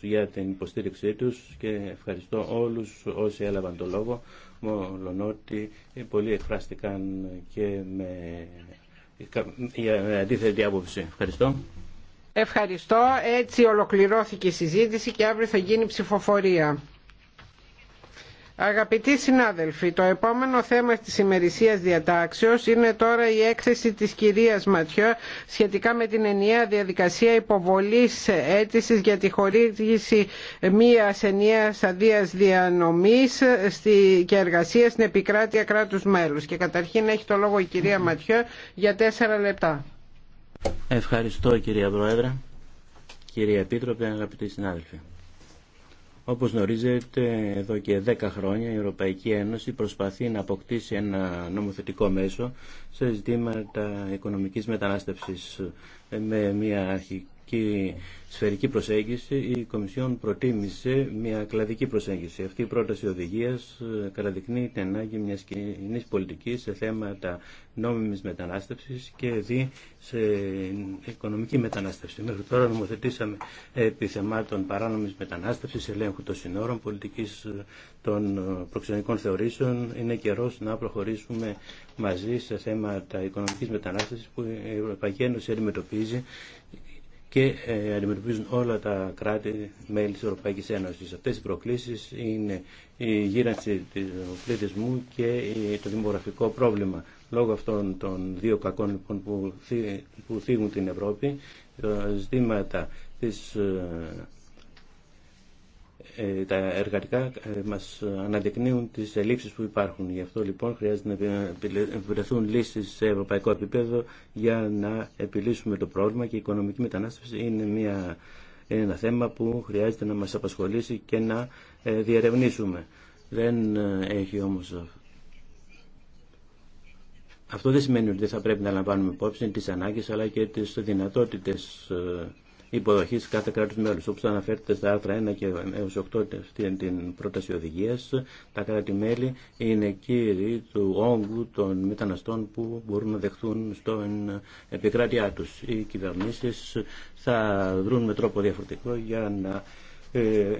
για την υποστήριξή τους και ευχαριστώ όλους όσοι έλαβαν το λόγο μόνο ότι πολλοί εκφράστηκαν και με, με αντίθετη άποψη. Ευχαριστώ. Ευχαριστώ. Έτσι ολοκληρώθηκε η συζήτηση και αύριο θα γίνει ψηφοφορία. Αγαπητοί συνάδελφοι, το επόμενο θέμα της ημερησίας διατάξεως είναι τώρα η έκθεση της κυρίας Ματιό σχετικά με την ενιαία διαδικασία υποβολής αίτησης για τη χορήγηση μίας ενιαίας αδείας διανομής και εργασία στην επικράτεια κράτους μέλους. Και καταρχήν έχει το λόγο η κυρία Ματιό για τέσσερα λεπτά. Ευχαριστώ κυρία Πρόεδρε, κυρία Επίτροπε, αγαπητοί συνάδελφοι. Όπως γνωρίζετε, εδώ και 10 χρόνια η Ευρωπαϊκή Ένωση προσπαθεί να αποκτήσει ένα νομοθετικό μέσο σε ζητήματα οικονομικής μετανάστευσης με μια αρχική σφαιρική, σφαιρική προσέγγιση, η Κομισιόν προτίμησε μια κλαδική προσέγγιση. Αυτή η πρόταση οδηγία ε, καταδεικνύει την ανάγκη μια κοινή πολιτική σε θέματα νόμιμη μετανάστευση και δι σε οικονομική μετανάστευση. Μέχρι τώρα νομοθετήσαμε επί θεμάτων παράνομη μετανάστευση, ελέγχου των συνόρων, πολιτική ε, των ε, προξενικών θεωρήσεων. Είναι καιρό να προχωρήσουμε μαζί σε θέματα οικονομική μετανάστευση που η Ευρωπαϊκή Ένωση αντιμετωπίζει και ε, αντιμετωπίζουν όλα τα κράτη μέλη της Ευρωπαϊκής Ένωσης. Αυτές οι προκλήσεις είναι η γύρανση του πληθυσμού και το δημογραφικό πρόβλημα. Λόγω αυτών των δύο κακών λοιπόν, που θίγουν την Ευρώπη, τα ζητήματα της ε, ε, τα εργατικά ε, μας αναδεικνύουν τις ελλείψεις που υπάρχουν. Γι' αυτό λοιπόν χρειάζεται να βρεθούν λύσεις σε ευρωπαϊκό επίπεδο για να επιλύσουμε το πρόβλημα και η οικονομική μετανάστευση είναι, μια, είναι ένα θέμα που χρειάζεται να μας απασχολήσει και να ε, διερευνήσουμε. Δεν έχει όμως αυτό δεν σημαίνει ότι δεν θα πρέπει να λαμβάνουμε υπόψη τις ανάγκες αλλά και τις δυνατότητες υποδοχή κάθε κράτου μέλου. Όπω αναφέρεται στα άρθρα 1 και έω 8 την πρόταση οδηγία, τα κράτη-μέλη είναι κύριοι του όγκου των μεταναστών που μπορούν να δεχθούν στον επικράτειά του. Οι κυβερνήσει θα δρουν με τρόπο διαφορετικό για να ε,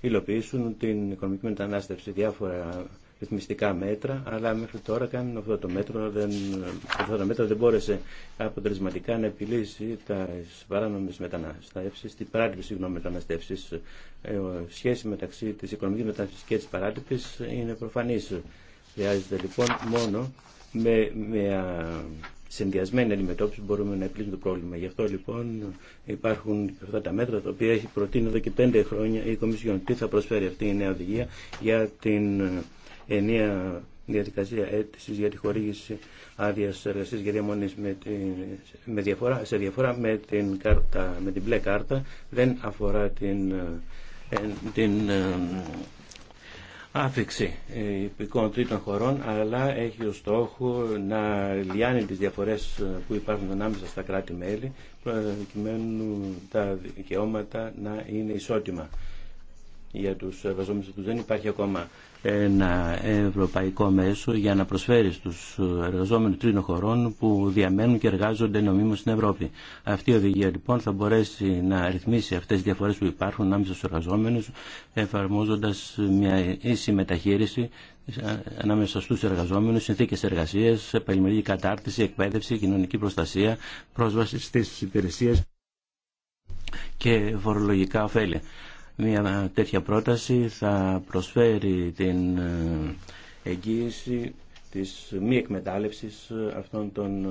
υλοποιήσουν την οικονομική μετανάστευση. Διάφορα ρυθμιστικά μέτρα, αλλά μέχρι τώρα κάνουν αυτό το μέτρο, δεν, αυτό το μέτρο δεν μπόρεσε αποτελεσματικά να επιλύσει τα παράνομε μεταναστεύσει, την παράληψη συγγνώμη μεταναστεύσεις. Ε, σχέση μεταξύ τη οικονομική μεταναστεύσης και τη παράτυπης είναι προφανή. Χρειάζεται λοιπόν μόνο με, με συνδυασμένη αντιμετώπιση μπορούμε να επιλύσουμε το πρόβλημα. Γι' αυτό λοιπόν υπάρχουν αυτά τα μέτρα τα οποία έχει προτείνει εδώ και πέντε χρόνια η Κομισιόν. Τι θα προσφέρει αυτή η νέα οδηγία για την Ενία διαδικασία αίτηση για τη χορήγηση άδεια εργασία για διαμονή με, διαφορά, σε διαφορά με την, κάρτα, με την μπλε κάρτα δεν αφορά την, ε, την ε, άφηξη ε, υπηκών χωρών, αλλά έχει ως στόχο να λιάνει τις διαφορές που υπάρχουν ανάμεσα στα κράτη-μέλη, προκειμένου τα δικαιώματα να είναι ισότιμα για τους εργαζόμενους που Δεν υπάρχει ακόμα ένα ευρωπαϊκό μέσο για να προσφέρει στους εργαζόμενους τρίτων χωρών που διαμένουν και εργάζονται νομίμως στην Ευρώπη. Αυτή η οδηγία λοιπόν θα μπορέσει να ρυθμίσει αυτές τις διαφορές που υπάρχουν ανάμεσα στους εργαζόμενους εφαρμόζοντας μια ίση μεταχείριση ανάμεσα στους εργαζόμενους, συνθήκες εργασίας, επαγγελματική κατάρτιση, εκπαίδευση, κοινωνική προστασία, πρόσβαση στις υπηρεσίες και φορολογικά ωφέλη. Μια τέτοια πρόταση θα προσφέρει την ε, εγγύηση της μη εκμετάλλευσης αυτών των ε,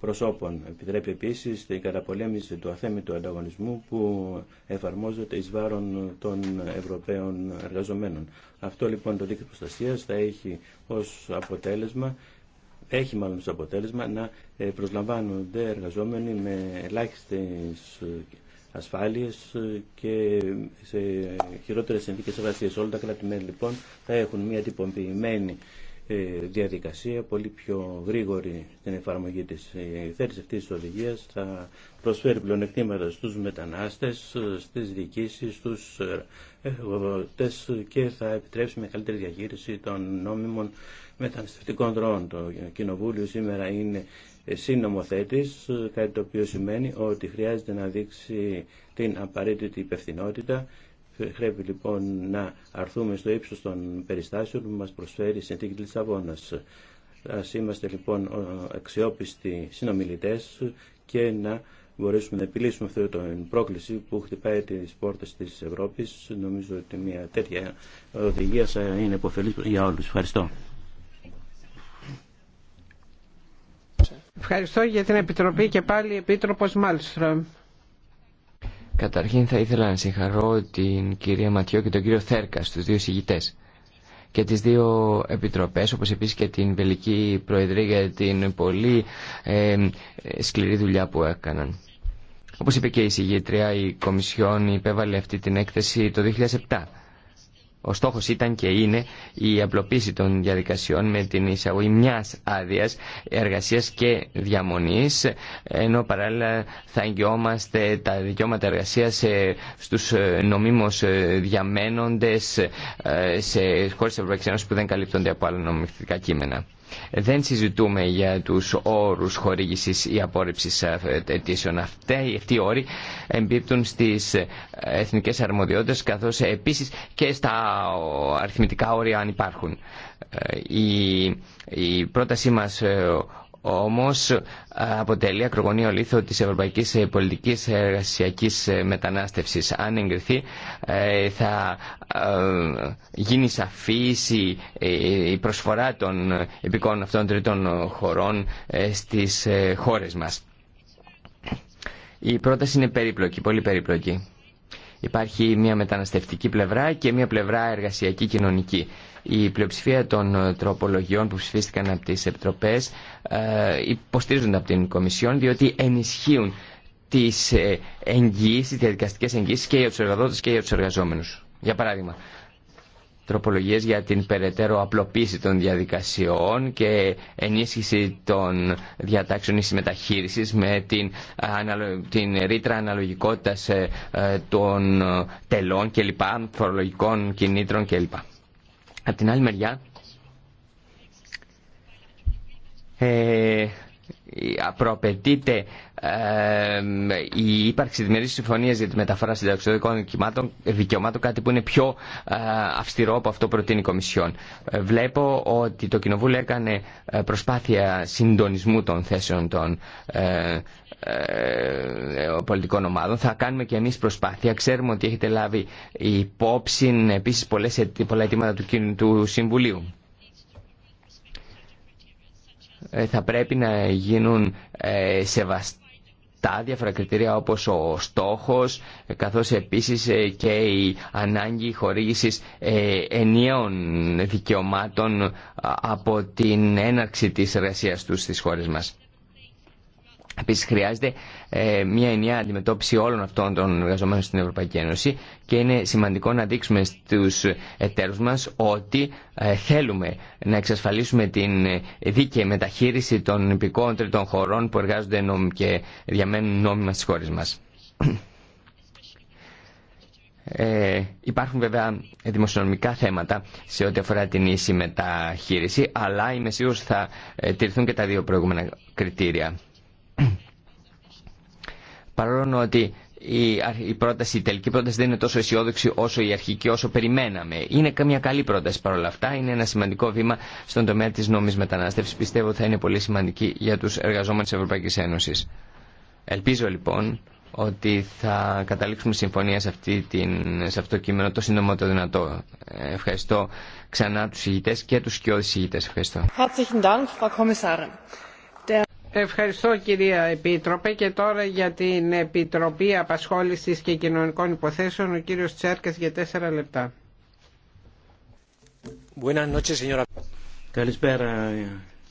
προσώπων. Επιτρέπει επίσης την καταπολέμηση του αθέμητου ανταγωνισμού που εφαρμόζεται εις βάρον των Ευρωπαίων εργαζομένων. Αυτό λοιπόν το δίκτυο προστασία θα έχει ως αποτέλεσμα έχει μάλλον ως αποτέλεσμα να ε, προσλαμβάνονται εργαζόμενοι με ελάχιστες ασφάλειες ε, και σε χειρότερες συνθήκες εργασίας. Όλα τα κρατη λοιπόν θα έχουν μια τυποποιημένη ε, διαδικασία πολύ πιο γρήγορη στην εφαρμογή της. Ε, θέση αυτής της οδηγίας θα προσφέρει πλεονεκτήματα στους μετανάστες, στις διοικήσεις, στου εργοδοτές και θα επιτρέψει με καλύτερη διαχείριση των νόμιμων μεταναστευτικών δρόμων. Το Κοινοβούλιο σήμερα είναι εσύ κάτι το οποίο σημαίνει ότι χρειάζεται να δείξει την απαραίτητη υπευθυνότητα. Πρέπει λοιπόν να αρθούμε στο ύψος των περιστάσεων που μας προσφέρει η συνθήκη της Λισαβόνας. Ας είμαστε λοιπόν αξιόπιστοι συνομιλητές και να μπορέσουμε να επιλύσουμε αυτή την πρόκληση που χτυπάει τις πόρτες της Ευρώπης. Νομίζω ότι μια τέτοια οδηγία θα είναι υποφελής για όλους. Ευχαριστώ. Ευχαριστώ για την Επιτροπή και πάλι Επίτροπος Μάλστρομ. Καταρχήν θα ήθελα να συγχαρώ την κυρία Ματιό και τον κύριο Θέρκα στους δύο συγητές και τις δύο επιτροπές όπως επίσης και την Βελική Προεδρία για την πολύ ε, σκληρή δουλειά που έκαναν. Όπως είπε και η συγητρία, η Κομισιόν υπέβαλε αυτή την έκθεση το 2007 ο στόχο ήταν και είναι η απλοποίηση των διαδικασιών με την εισαγωγή μιας άδεια εργασίας και διαμονής, ενώ παράλληλα θα εγγυόμαστε τα δικαιώματα εργασία ε, στου ε, νομίμως ε, διαμένοντε σε χώρες Ευρωπαϊκή Ένωση που δεν καλύπτονται από άλλα νομιστικά κείμενα. Δεν συζητούμε για τους όρους χορήγησης ή απόρριψης ε, αιτήσεων. Αυτή, αυτοί οι όροι εμπίπτουν στις ε, εθνικές αρμοδιότητες καθώς επίσης και στα αριθμητικά όρια αν υπάρχουν. Ε, η, η πρότασή μας όμως ε, αποτελεί ακρογωνίο λίθο της ευρωπαϊκής ε, πολιτικής εργασιακής ε, μετανάστευσης. Αν εγκριθεί θα γίνει σαφής η προσφορά των επικών αυτών τρίτων χωρών στις χώρες μας. Η πρόταση είναι περίπλοκη, πολύ περίπλοκη. Υπάρχει μια μεταναστευτική πλευρά και μια πλευρά εργασιακή κοινωνική. Η πλειοψηφία των ε, τροπολογιών που ψηφίστηκαν από τις Επιτροπές ε, υποστηρίζονται από την Κομισιόν διότι ενισχύουν τις ε, εγγύησεις, τις διαδικαστικές εγγύησεις και για τους εργαδότες και για τους εργαζόμενους. Για παράδειγμα, τροπολογίες για την περαιτέρω απλοποίηση των διαδικασιών και ενίσχυση των διατάξεων ίσης μεταχείρισης με την, την ρήτρα αναλογικότητας των τελών κλπ, φορολογικών κινήτρων κλπ. Απ' την άλλη μεριά, ε, προαπαιτείται ε, η ύπαρξη διμερής συμφωνία για τη μεταφορά συνταξιδοτικών δικαιωμάτων, κάτι που είναι πιο ε, αυστηρό από αυτό προτείνει η Κομισιόν. Ε, βλέπω ότι το Κοινοβούλιο έκανε προσπάθεια συντονισμού των θέσεων των ε, ε, ε, πολιτικών ομάδων. Θα κάνουμε και εμείς προσπάθεια. Ξέρουμε ότι έχετε λάβει υπόψη επίσης πολλές, πολλά αιτήματα του, του Συμβουλίου. Ε, θα πρέπει να γίνουν σεβαστά διάφορα κριτήρια όπως ο στόχος καθώς επίσης και η ανάγκη χορήγησης ενιαίων δικαιωμάτων από την έναρξη της εργασίας τους στις χώρες μας. Επίση, χρειάζεται ε, μια ενιαία αντιμετώπιση όλων αυτών των εργαζομένων στην Ευρωπαϊκή Ένωση και είναι σημαντικό να δείξουμε στου εταίρου μα ότι ε, θέλουμε να εξασφαλίσουμε την ε, δίκαιη μεταχείριση των υπηκών τρίτων χωρών που εργάζονται και διαμένουν νόμιμα στις χώρε μα. Ε, υπάρχουν βέβαια δημοσιονομικά θέματα σε ό,τι αφορά την ίση μεταχείριση, αλλά είμαι σίγουρος θα τηρηθούν και τα δύο προηγούμενα κριτήρια παρόλο ότι η, πρόταση, η τελική πρόταση δεν είναι τόσο αισιόδοξη όσο η αρχική, όσο περιμέναμε. Είναι μια καλή πρόταση παρόλα αυτά. Είναι ένα σημαντικό βήμα στον τομέα τη νόμη μετανάστευση. Πιστεύω ότι θα είναι πολύ σημαντική για του εργαζόμενου τη Ευρωπαϊκή Ένωση. Ελπίζω λοιπόν ότι θα καταλήξουμε συμφωνία σε, αυτή την, σε αυτό το κείμενο το σύντομα το δυνατό. Ευχαριστώ ξανά τους ηγητές και τους σκιώδεις ηγητές. Ευχαριστώ. Ευχαριστώ κυρία Επίτροπε και τώρα για την Επιτροπή Απασχόλησης και Κοινωνικών Υποθέσεων ο κύριος Τσέρκας για τέσσερα λεπτά. Καλησπέρα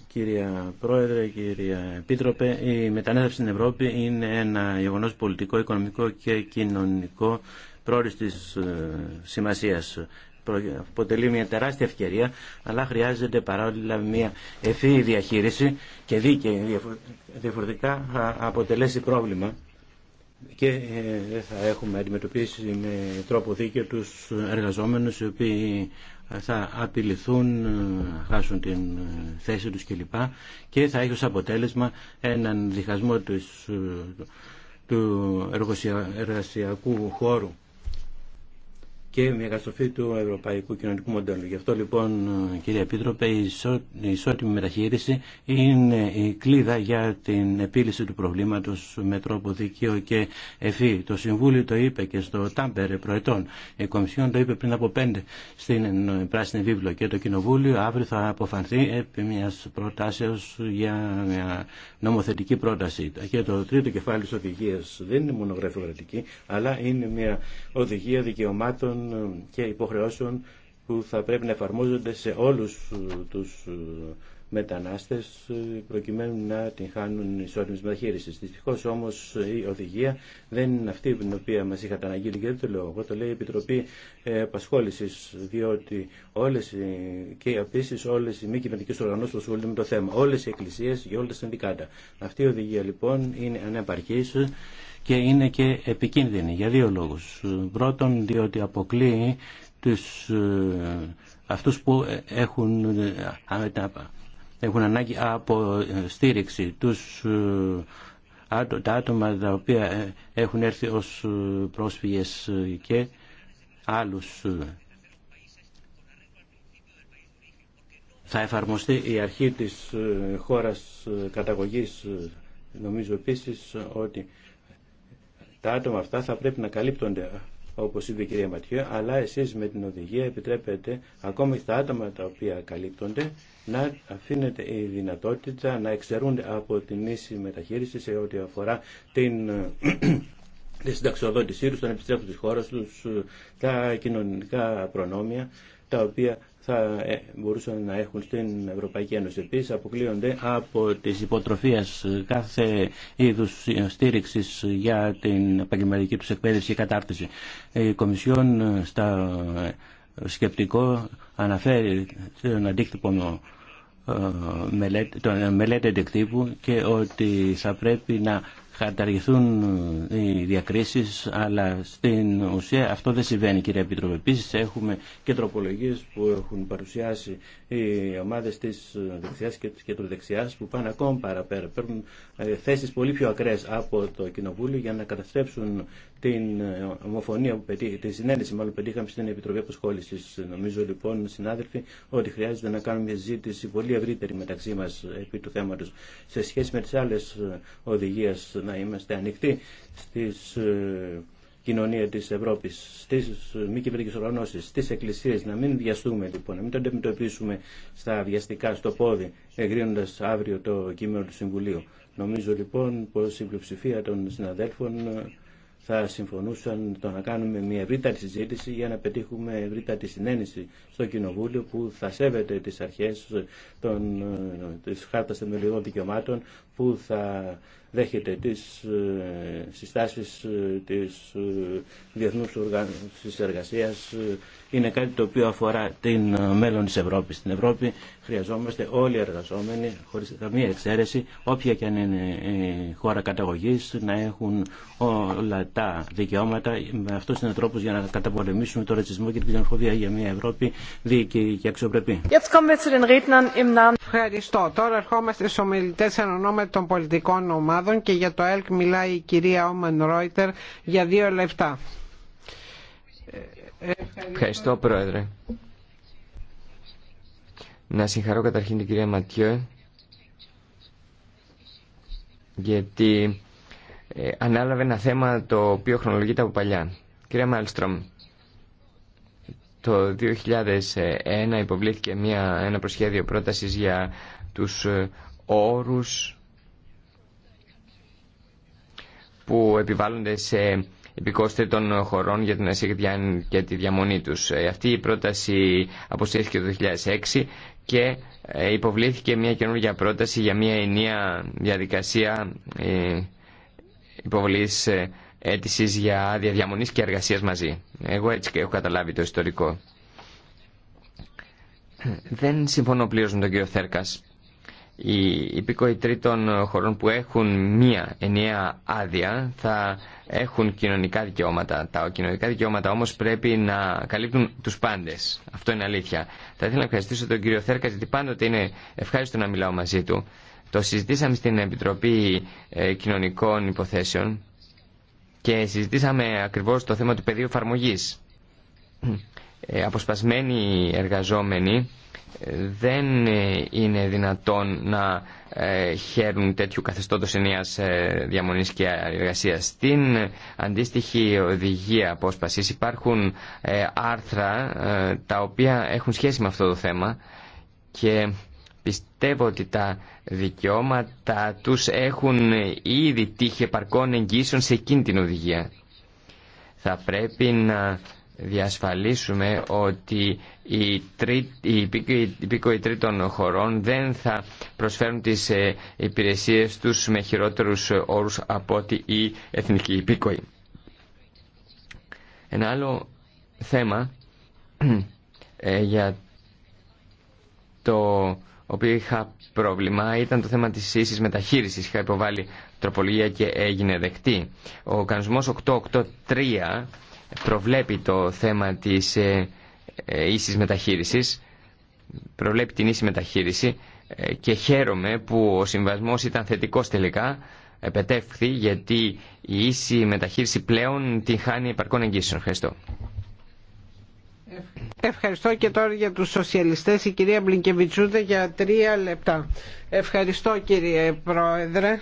κυρία Πρόεδρε, κυρία Επίτροπε. Η μετανάστευση στην Ευρώπη είναι ένα γεγονός πολιτικό, οικονομικό και κοινωνικό πρόορης της ε, σημασίας αποτελεί μια τεράστια ευκαιρία, αλλά χρειάζεται παράλληλα μια ευθύη διαχείριση και δίκαιη. Διαφορετικά θα αποτελέσει πρόβλημα και ε, δεν θα έχουμε αντιμετωπίσει με τρόπο δίκαιο τους εργαζόμενους οι οποίοι ε, θα απειληθούν, ε, χάσουν την θέση τους κλπ. Και θα έχει ως αποτέλεσμα έναν διχασμό του εργασιακού χώρου και καταστροφή του ευρωπαϊκού κοινωνικού μοντέλου. Γι' αυτό λοιπόν κύριε Επίτροπε η, ισότιμη μεταχείριση είναι η κλίδα για την επίλυση του προβλήματο με τρόπο δικαίο και ευφύ. Το Συμβούλιο το είπε και στο Τάμπερ προετών. Η Κομισιόν το είπε πριν από πέντε στην Πράσινη Βίβλο και το Κοινοβούλιο αύριο θα αποφανθεί επί μιας προτάσεως για μια νομοθετική πρόταση. Και το τρίτο κεφάλαιο τη Οδηγία δεν είναι μονογραφειοκρατική αλλά είναι μια οδηγία δικαιωμάτων και υποχρεώσεων που θα πρέπει να εφαρμόζονται σε όλους ε, τους ε, μετανάστες ε, προκειμένου να την χάνουν ισόρυμες μεταχείρισης. Δυστυχώς όμως η οδηγία δεν είναι αυτή την οποία μας είχατε αναγγείλει και το λέω εγώ, το λέει η Επιτροπή Επασχόλησης διότι όλες και επίση όλες οι μη κυβερνητικές οργανώσεις που ασχολούνται με το θέμα, όλες οι εκκλησίες και όλες τα συνδικάτα. Αυτή η οδηγία λοιπόν είναι ανεπαρκής και είναι και επικίνδυνη για δύο λόγους. Πρώτον, διότι αποκλείει τους, ε, αυτούς που έχουν, ε, έχουν ανάγκη από στήριξη, τους, ε, τα άτομα τα οποία έχουν έρθει ως πρόσφυγες και άλλους θα εφαρμοστεί η αρχή της χώρας καταγωγής νομίζω επίσης ότι τα άτομα αυτά θα πρέπει να καλύπτονται όπω είπε η κυρία Ματιέ αλλά εσεί με την οδηγία επιτρέπετε ακόμη στα άτομα τα οποία καλύπτονται να αφήνετε η δυνατότητα να εξαιρούνται από την ίση μεταχείριση σε ό,τι αφορά την τη συνταξιοδότησή του, τον επιστρέφουν τη χώρα του, τα κοινωνικά προνόμια τα οποία θα ε, μπορούσαν να έχουν στην Ευρωπαϊκή Ένωση. Επίση, αποκλείονται από τις υποτροφίες κάθε είδους στήριξης για την επαγγελματική του εκπαίδευση και κατάρτιση. Η Κομισιόν ε, στα σκεπτικό αναφέρει τον αντίκτυπο ε, μελέτη, τον μελέτη και ότι θα πρέπει να καταργηθούν ε, οι διακρίσεις, αλλά στην ουσία αυτό δεν συμβαίνει κύριε Επίτροπε. Επίσης έχουμε και τροπολογίες που έχουν παρουσιάσει οι ομάδες της δεξιάς και της κεντροδεξιάς που πάνε ακόμα παραπέρα. Παίρνουν ε, θέσεις πολύ πιο ακραίες από το Κοινοβούλιο για να καταστρέψουν την ε, ομοφωνία που πετύχει, τη συνέντευξη μάλλον που πετύχαμε στην Επιτροπή Αποσχόληση. Νομίζω λοιπόν, συνάδελφοι, ότι χρειάζεται να κάνουμε μια ζήτηση πολύ ευρύτερη μεταξύ μα επί του θέματο σε σχέση με τι άλλε οδηγίε να είμαστε ανοιχτοί στι ε, κοινωνία της Ευρώπης, στις ε, μη κυβερνικές οργανώσεις, στις εκκλησίες, να μην βιαστούμε λοιπόν, να μην το αντιμετωπίσουμε στα βιαστικά στο πόδι, εγκρίνοντας αύριο το κείμενο του Συμβουλίου. Νομίζω λοιπόν πως η πλειοψηφία των συναδέλφων θα συμφωνούσαν το να κάνουμε μια ευρύτατη συζήτηση για να πετύχουμε ευρύτατη συνένεση στο Κοινοβούλιο που θα σέβεται τις αρχές των, ε, της Χάρτας Δικαιωμάτων που θα δέχεται τις ε, συστάσεις ε, της ε, Διεθνούς Οργάνωσης Εργασίας είναι κάτι το οποίο αφορά την μέλλον της Ευρώπης. Στην Ευρώπη χρειαζόμαστε όλοι οι εργαζόμενοι, χωρίς καμία εξαίρεση, όποια και αν είναι η χώρα καταγωγής, να έχουν όλα τα δικαιώματα. Με αυτός είναι ο τρόπος για να καταπολεμήσουμε το ρατσισμό και την ξενοφοβία για μια Ευρώπη δίκαιη και αξιοπρεπή. Ευχαριστώ. Τώρα ερχόμαστε στους ομιλητές εν των πολιτικών ομάδων και για το ΕΛΚ μιλάει η κυρία Όμαν Ρόιτερ για δύο λεπτά. Ευχαριστώ Πρόεδρε. Να συγχαρώ καταρχήν την κυρία Ματιό γιατί ε, ανάλαβε ένα θέμα το οποίο χρονολογείται από παλιά. Κυρία Μάλστρομ, το 2001 υποβλήθηκε μια, ένα προσχέδιο πρότασης για τους ε, όρους που επιβάλλονται σε επικόστη των χωρών για την ασύγκριτη και τη διαμονή τους. Ε, αυτή η πρόταση αποσύρθηκε το 2006 και ε, υποβλήθηκε μια καινούργια πρόταση για μια ενιαία διαδικασία ε, υποβολής αίτηση για άδεια διαμονής και εργασία μαζί. Εγώ έτσι και έχω καταλάβει το ιστορικό. Δεν συμφωνώ πλήρω με τον κύριο Θέρκας οι υπήκοοι τρίτων χωρών που έχουν μία ενιαία άδεια θα έχουν κοινωνικά δικαιώματα. Τα κοινωνικά δικαιώματα όμω πρέπει να καλύπτουν του πάντε. Αυτό είναι αλήθεια. Θα ήθελα να ευχαριστήσω τον κύριο Θέρκα γιατί πάντοτε είναι ευχάριστο να μιλάω μαζί του. Το συζητήσαμε στην Επιτροπή ε, Κοινωνικών Υποθέσεων και συζητήσαμε ακριβώ το θέμα του πεδίου εφαρμογή. Ε, αποσπασμένοι εργαζόμενοι δεν ε, είναι δυνατόν να ε, χαίρουν τέτοιου καθεστώτος ενίας ε, διαμονής και εργασίας. Στην αντίστοιχη οδηγία απόσπασης υπάρχουν άρθρα τα οποία έχουν σχέση με αυτό το θέμα και πιστεύω ότι τα δικαιώματα τους έχουν ήδη τύχει επαρκών εγγύσεων σε εκείνη την οδηγία. Θα πρέπει να διασφαλίσουμε ότι οι, τρί, οι υπήκοοι τρίτων χωρών δεν θα προσφέρουν τις ε, υπηρεσίες τους με χειρότερους όρους από ότι οι εθνικοί υπήκοοι. Ένα άλλο θέμα ε, για το οποίο είχα πρόβλημα ήταν το θέμα της ίσης μεταχείρισης. Είχα υποβάλει τροπολογία και έγινε δεκτή. Ο κανονισμός 883 προβλέπει το θέμα της ε, ε, ίσης μεταχείρισης, προβλέπει την ίση μεταχείριση ε, και χαίρομαι που ο συμβασμός ήταν θετικός τελικά, επετεύχθη γιατί η ίση μεταχείριση πλέον την χάνει επαρκών εγγύσεων. Ευχαριστώ. Ευχαριστώ και τώρα για τους σοσιαλιστές η κυρία Μπλικεβιτσούδε για τρία λεπτά. Ευχαριστώ κύριε Πρόεδρε.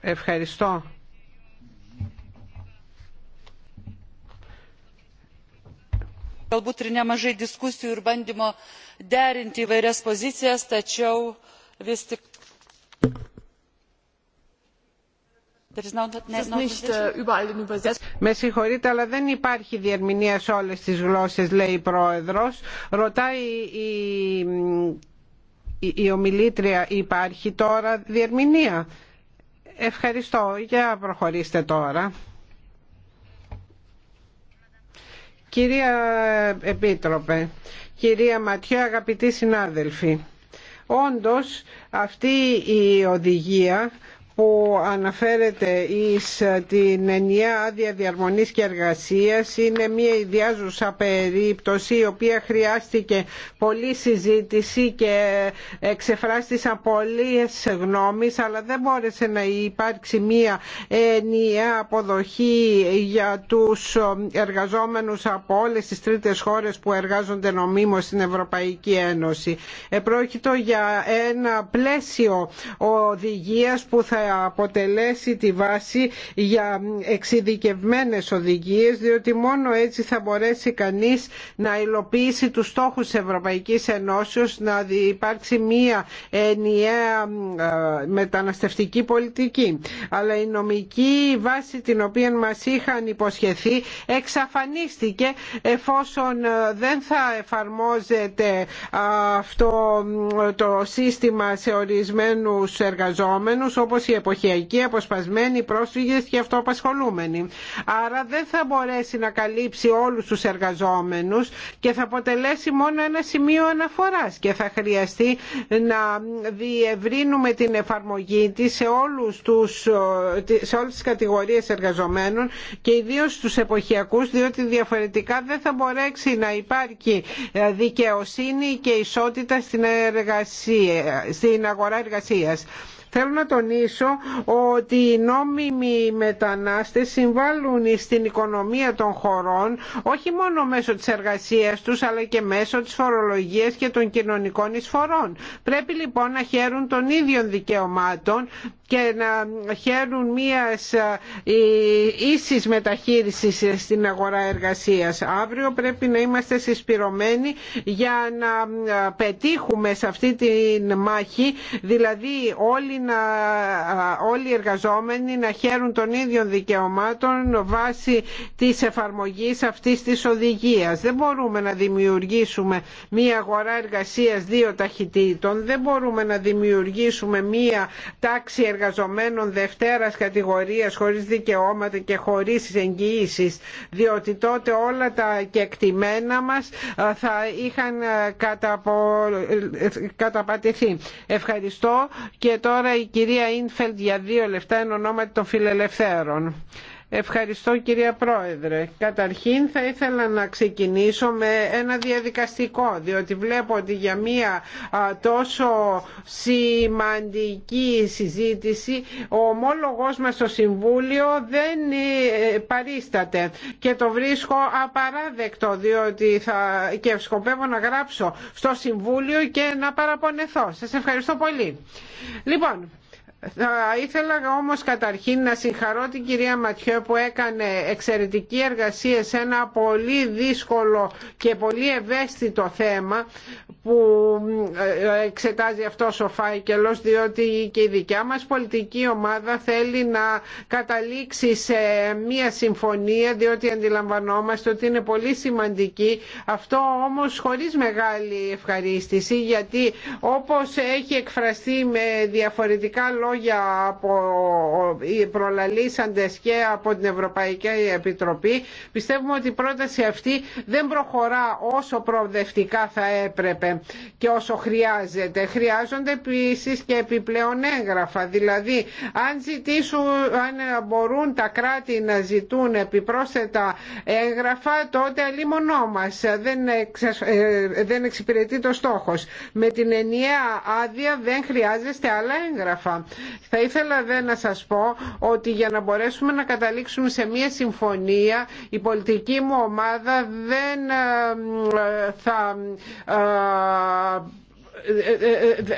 Ευχαριστώ με συγχωρείτε αλλά δεν υπάρχει διερμηνία σε όλε τι γλώσσε, λέει η πρόεδρος ρωτάει η, η ομιλήτρια υπάρχει τώρα διερμηνία ευχαριστώ για προχωρήστε τώρα Κυρία Επίτροπε, κυρία Ματιά, αγαπητοί συνάδελφοι, όντως αυτή η οδηγία που αναφέρεται εις ε, την ενιαία άδεια διαρμονής και εργασίας είναι μια ιδιάζουσα περίπτωση η οποία χρειάστηκε πολλή συζήτηση και εξεφράστησαν πολλές γνώμες αλλά δεν μπόρεσε να υπάρξει μια ενιαία αποδοχή για τους ε, εργαζόμενους από όλες τις τρίτες χώρες που εργάζονται νομίμως στην Ευρωπαϊκή Ένωση. Επρόκειτο για ένα πλαίσιο οδηγίας που θα αποτελέσει τη βάση για εξειδικευμένες οδηγίες διότι μόνο έτσι θα μπορέσει κανείς να υλοποιήσει τους στόχους της Ευρωπαϊκής Ενώσεως να υπάρξει μία ενιαία ε, μεταναστευτική πολιτική. Αλλά η νομική βάση την οποία μας είχαν υποσχεθεί εξαφανίστηκε εφόσον ε, δεν θα εφαρμόζεται ε, αυτό το σύστημα σε ορισμένους εργαζόμενους όπως οι εποχιακοί αποσπασμένοι πρόσφυγες και αυτοαπασχολούμενοι. Άρα δεν θα μπορέσει να καλύψει όλους τους εργαζόμενους και θα αποτελέσει μόνο ένα σημείο αναφοράς και θα χρειαστεί να διευρύνουμε την εφαρμογή της σε, όλους τους, σε όλες τις κατηγορίες εργαζομένων και ιδίως στους εποχιακούς διότι διαφορετικά δεν θα μπορέσει να υπάρχει δικαιοσύνη και ισότητα στην, εργασία, στην αγορά εργασίας. Θέλω να τονίσω ότι οι νόμιμοι μετανάστες συμβάλλουν στην οικονομία των χωρών όχι μόνο μέσω της εργασίας τους αλλά και μέσω της φορολογίας και των κοινωνικών εισφορών. Πρέπει λοιπόν να χαίρουν των ίδιων δικαιωμάτων και να χαίρουν μία ε, ίση μεταχείρισης στην αγορά εργασίας. Αύριο πρέπει να είμαστε συσπηρωμένοι για να ε, πετύχουμε σε αυτή τη μάχη, δηλαδή όλοι να, όλοι οι εργαζόμενοι να χαίρουν των ίδιων δικαιωμάτων βάσει της εφαρμογής αυτής της οδηγίας. Δεν μπορούμε να δημιουργήσουμε μία αγορά εργασίας δύο ταχυτήτων, δεν μπορούμε να δημιουργήσουμε μία τάξη εργαζομένων δευτέρας κατηγορίας χωρίς δικαιώματα και χωρίς εγγυήσεις, διότι τότε όλα τα κεκτημένα μας θα είχαν καταπο... καταπατηθεί. Ευχαριστώ και τώρα η κυρία Ίνφελτ για δύο λεπτά εν ονόματι των φιλελευθέρων. Ευχαριστώ κυρία Πρόεδρε. Καταρχήν θα ήθελα να ξεκινήσω με ένα διαδικαστικό, διότι βλέπω ότι για μία τόσο σημαντική συζήτηση ο ομόλογός μας στο Συμβούλιο δεν ε, παρίσταται και το βρίσκω απαράδεκτο διότι θα και σκοπεύω να γράψω στο Συμβούλιο και να παραπονεθώ. Σας ευχαριστώ πολύ. Λοιπόν, θα ε, ήθελα όμως καταρχήν να συγχαρώ την κυρία Ματιό που έκανε εξαιρετική εργασία σε ένα πολύ δύσκολο και πολύ ευαίσθητο θέμα που ε, εξετάζει αυτός ο Φάικελος διότι και η δικιά μας πολιτική ομάδα θέλει να καταλήξει σε μία συμφωνία διότι αντιλαμβανόμαστε ότι είναι πολύ σημαντική αυτό όμως χωρίς μεγάλη ευχαρίστηση γιατί όπως έχει εκφραστεί με διαφορετικά λόγια λόγια από οι προλαλήσαντες και από την Ευρωπαϊκή Επιτροπή πιστεύουμε ότι η πρόταση αυτή δεν προχωρά όσο προοδευτικά θα έπρεπε και όσο χρειάζεται. Χρειάζονται επίση και επιπλέον έγγραφα. Δηλαδή αν, ζητήσουν, αν μπορούν τα κράτη να ζητούν επιπρόσθετα έγγραφα τότε αλλήμονό μα Δεν, ε, δεν εξυπηρετεί το στόχος. Με την ενιαία άδεια δεν χρειάζεστε άλλα έγγραφα. Θα ήθελα δε να σας πω ότι για να μπορέσουμε να καταλήξουμε σε μια συμφωνία η πολιτική μου ομάδα δεν ε, ε, θα ε,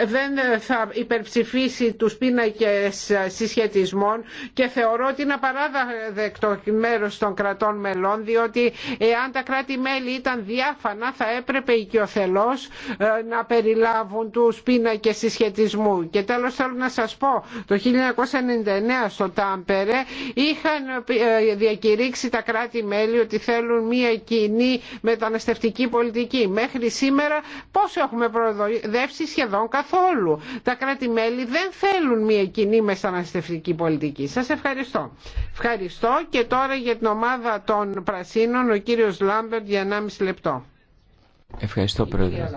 δεν θα υπερψηφίσει τους πίνακες συσχετισμών και θεωρώ ότι είναι απαράδεκτο μέρος των κρατών μελών διότι εάν τα κράτη-μέλη ήταν διάφανα θα έπρεπε οικειοθελώς ε, να περιλάβουν τους πίνακες συσχετισμού. Και τέλος θέλω να σας πω, το 1999 στο Τάμπερε είχαν ε, διακηρύξει τα κράτη-μέλη ότι θέλουν μια κοινή μεταναστευτική πολιτική. Μέχρι σήμερα πόσο έχουμε προδοθεί εκπαιδεύσει σχεδόν καθόλου. Τα κράτη-μέλη δεν θέλουν μια κοινή μεσαναστευτική πολιτική. Σας ευχαριστώ. Ευχαριστώ και τώρα για την ομάδα των Πρασίνων ο κύριος Λάμπερτ για 1,5 λεπτό. Ευχαριστώ πρόεδρε.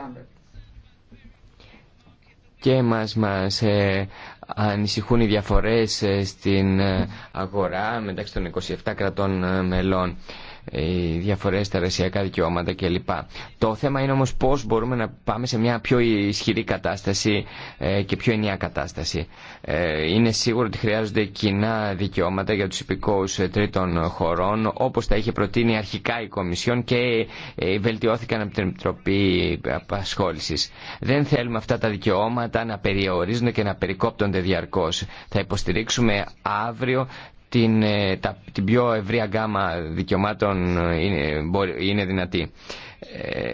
Και μας, μας ε, ανησυχούν οι διαφορές ε, στην ε, αγορά μεταξύ των 27 κρατών ε, μελών οι ε, διαφορές στα ρεσιακά δικαιώματα κλπ. Το θέμα είναι όμως πώς μπορούμε να πάμε σε μια πιο ισχυρή κατάσταση ε, και πιο ενιαία κατάσταση. Ε, είναι σίγουρο ότι χρειάζονται κοινά δικαιώματα για τους υπηκόους τρίτων χωρών όπως τα είχε προτείνει αρχικά η Κομισιόν και βελτιώθηκαν από την Επιτροπή Απασχόλησης. Δεν θέλουμε αυτά τα δικαιώματα να περιορίζονται και να περικόπτονται διαρκώς. Θα υποστηρίξουμε αύριο την, ε, τα, την πιο ευρία γκάμα δικαιωμάτων ε, είναι, είναι δυνατή. Ε,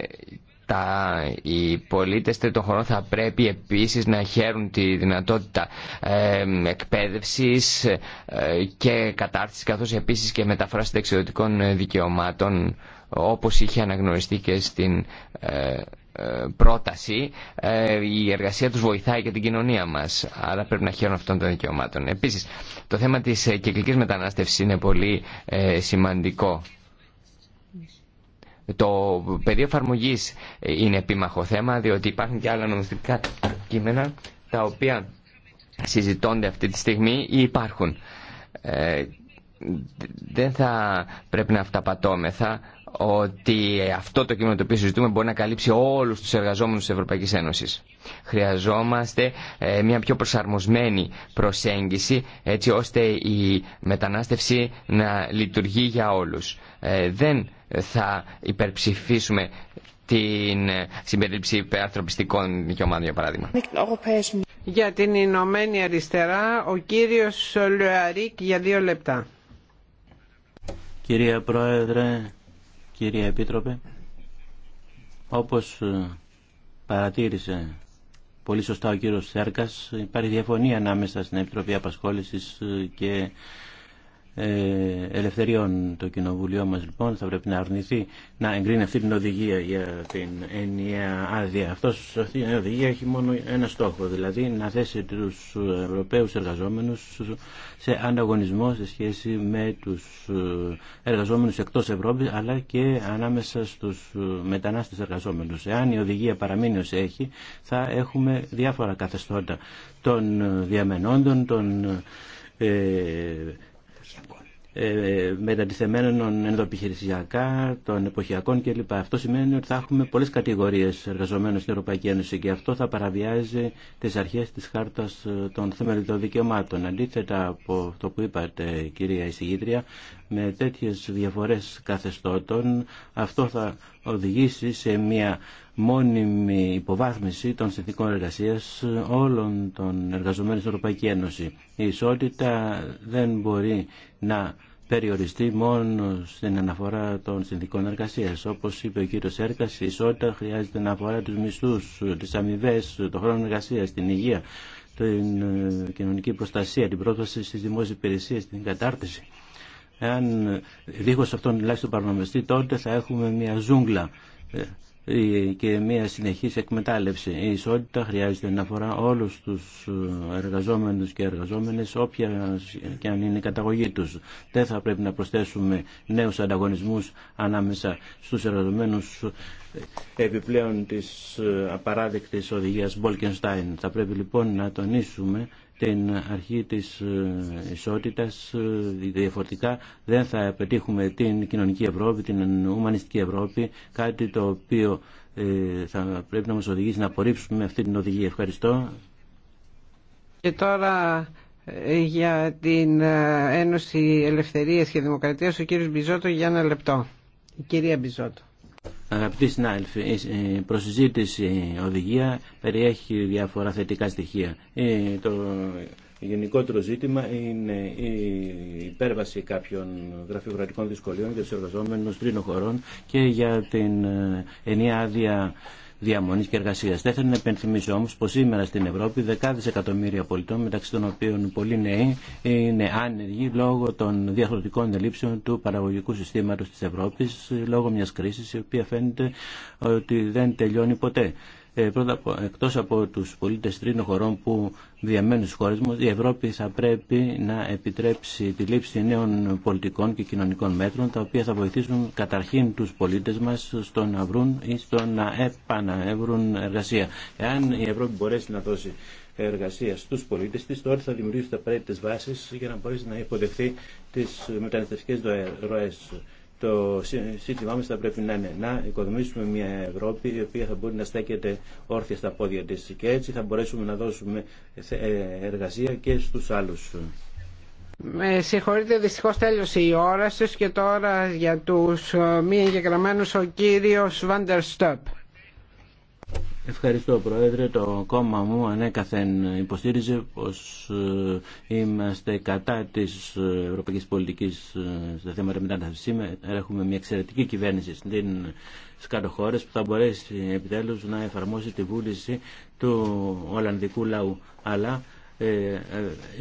τα, οι πολίτες τρίτων χωρών θα πρέπει επίσης να χαίρουν τη δυνατότητα ε, εκπαίδευσης και κατάρτισης καθώς επίσης και μεταφράση δεξιδοτικών δικαιωμάτων όπως είχε αναγνωριστεί και στην ε, πρόταση ε, η εργασία τους βοηθάει και την κοινωνία μας αλλά πρέπει να χαίρουν αυτών των δικαιωμάτων επίσης το θέμα της ε, κυκλικής μετανάστευσης είναι πολύ σημαντικό το πεδίο εφαρμογή είναι επίμαχο θέμα διότι υπάρχουν και άλλα νομιστικά κείμενα τα οποία συζητώνται αυτή τη στιγμή ή υπάρχουν δεν θα πρέπει να αυταπατώμεθα ότι αυτό το κείμενο το οποίο συζητούμε μπορεί να καλύψει όλους τους εργαζόμενους της Ευρωπαϊκής Ένωσης. Χρειαζόμαστε ε, μια πιο προσαρμοσμένη προσέγγιση έτσι ώστε η μετανάστευση να λειτουργεί για όλους. Ε, δεν θα υπερψηφίσουμε την συμπερίληψη ανθρωπιστικών δικαιωμάτων για παράδειγμα. Για την Ηνωμένη Αριστερά, ο κύριος Λεαρίκ για δύο λεπτά. Κυρία Πρόεδρε, Κύριε Επίτροπε, όπως ε, παρατήρησε πολύ σωστά ο κύριος Σέρκας, υπάρχει διαφωνία ανάμεσα στην Επιτροπή Απασχόλησης ε, και ε, ελευθεριών. Το κοινοβουλίο μας λοιπόν θα πρέπει να αρνηθεί να εγκρίνει αυτή την οδηγία για την ενιαία άδεια. Αυτός, αυτή η οδηγία έχει μόνο ένα στόχο, δηλαδή να θέσει τους Ευρωπαίους εργαζόμενους σε ανταγωνισμό σε σχέση με τους εργαζόμενους εκτός Ευρώπης αλλά και ανάμεσα στους μετανάστες εργαζόμενους. Εάν η οδηγία παραμείνει ως έχει θα έχουμε διάφορα καθεστώτα των διαμενόντων, των ε, ε, μεταντιθεμένων ενδοπιχειρησιακά, των εποχιακών κλπ. Αυτό σημαίνει ότι θα έχουμε πολλές κατηγορίες εργαζομένων στην Ευρωπαϊκή Ένωση και αυτό θα παραβιάζει τις αρχές της χάρτας ε, των θεμελιωδών δικαιωμάτων. Αντίθετα από το που είπατε κυρία εισηγήτρια, με τέτοιες διαφορές καθεστώτων αυτό θα οδηγήσει σε μια μόνιμη υποβάθμιση των συνθήκων εργασία όλων των εργαζομένων στην Ευρωπαϊκή Ένωση. Η ισότητα δεν μπορεί να περιοριστεί μόνο στην αναφορά των συνθήκων εργασία. Όπω είπε ο κύριο Έρκα, η ισότητα χρειάζεται να αφορά του μισθού, τι αμοιβέ, τον χρόνο εργασία, την υγεία, την ε, κοινωνική προστασία, την πρόσβαση στι δημόσιε υπηρεσίε, την κατάρτιση. Εάν δίχως αυτόν τουλάχιστον παρονομιστεί, τότε θα έχουμε μια ζούγκλα ε, ε, και μια συνεχής εκμετάλλευση. Η ισότητα χρειάζεται να αφορά όλους τους ε, εργαζόμενους και εργαζόμενες όποια και αν είναι η καταγωγή τους. Δεν θα πρέπει να προσθέσουμε νέους ανταγωνισμούς ανάμεσα στους εργαζομένους ε, επιπλέον της απαράδεκτης οδηγίας Μπολκενστάιν. Θα πρέπει λοιπόν να τονίσουμε την αρχή της ε, ισότητας ε, διαφορετικά δεν θα πετύχουμε την κοινωνική Ευρώπη, την ουμανιστική Ευρώπη κάτι το οποίο ε, θα πρέπει να μας οδηγήσει να απορρίψουμε αυτή την οδηγία. Ευχαριστώ. Και τώρα για την Ένωση Ελευθερίας και Δημοκρατίας ο κύριος Μπιζότο για ένα λεπτό. Η κυρία Μπιζότο. Αγαπητοί συνάδελφοι, η προσυζήτηση οδηγία περιέχει διάφορα θετικά στοιχεία. Ε, το γενικότερο ζήτημα είναι η υπέρβαση κάποιων γραφειοκρατικών δυσκολιών για του εργαζόμενου τρίνων χωρών και για την ε, ενιαία άδεια Διαμονή και εργασία. Δεν ήθελα να επενθυμίσω όμω πω σήμερα στην Ευρώπη δεκάδες εκατομμύρια πολιτών, μεταξύ των οποίων πολλοί νέοι, είναι άνεργοι λόγω των διαχρονικών ελλείψεων του παραγωγικού συστήματος της Ευρώπης, λόγω μιας κρίσης η οποία φαίνεται ότι δεν τελειώνει ποτέ. Ε, πρώτα από, εκτός από τους πολίτες τρίνων χωρών που διαμένουν στις χώρες μας, η Ευρώπη θα πρέπει να επιτρέψει τη λήψη νέων πολιτικών και κοινωνικών μέτρων, τα οποία θα βοηθήσουν καταρχήν τους πολίτες μας στο να βρουν ή στο να επαναεύρουν εργασία. Εάν η Ευρώπη μπορέσει να δώσει εργασία στους πολίτες της, τώρα θα δημιουργήσει τα τις βάσεις για να μπορέσει να υποδεχθεί τις μεταναστευτικές ροές το σύστημά μας θα πρέπει να είναι να οικοδομήσουμε μια Ευρώπη η οποία θα μπορεί να στέκεται όρθια στα πόδια της και έτσι θα μπορέσουμε να δώσουμε ε, εργασία και στους άλλους. Με συγχωρείτε δυστυχώς τέλειωσε η ώρα σας και τώρα για τους ε, μη εγγεγραμμένους ο κύριος Βάντερ Στόπ. Ευχαριστώ Πρόεδρε. Το κόμμα μου ανέκαθεν υποστήριζε πως ε, είμαστε κατά της ε, ευρωπαϊκής πολιτικής ε, στα θέματα τα έχουμε μια εξαιρετική κυβέρνηση στην κάτω χώρες που θα μπορέσει επιτέλους να εφαρμόσει τη βούληση του Ολλανδικού λαού. Αλλά ε, ε,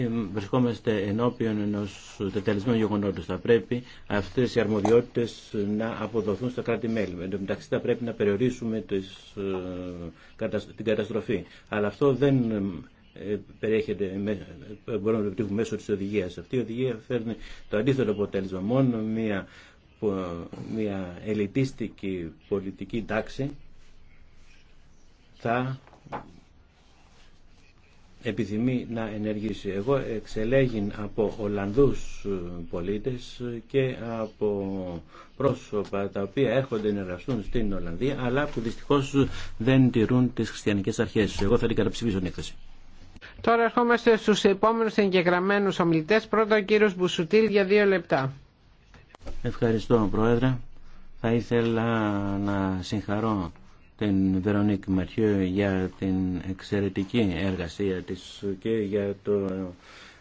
ε, βρισκόμαστε ενώπιον ενός τεταλισμένου γεγονότος. Θα πρέπει αυτές οι αρμοδιότητες να αποδοθούν στα κράτη-μέλη. Εν τω μεταξύ θα πρέπει να περιορίσουμε την καταστροφή. Αλλά αυτό δεν περιέχεται, μπορούμε να το μέσω της οδηγίας. Αυτή η οδηγία φέρνει το αντίθετο αποτέλεσμα. Μόνο μια, μια ελιτίστικη πολιτική τάξη θα επιθυμεί να ενεργήσει. Εγώ εξελέγην από Ολλανδούς ε, πολίτες και από πρόσωπα τα οποία έρχονται να εργαστούν στην Ολλανδία αλλά που δυστυχώς δεν τηρούν τις χριστιανικές αρχές. Εγώ θα την καταψηφίσω την έκθεση. Τώρα ερχόμαστε στους επόμενους εγγεγραμμένους ομιλητές. Πρώτα ο κύριος Μπουσουτήλ για δύο λεπτά. Ευχαριστώ Πρόεδρε. Θα ήθελα να συγχαρώ την Βερονίκ Ματιού για την εξαιρετική εργασία της και για το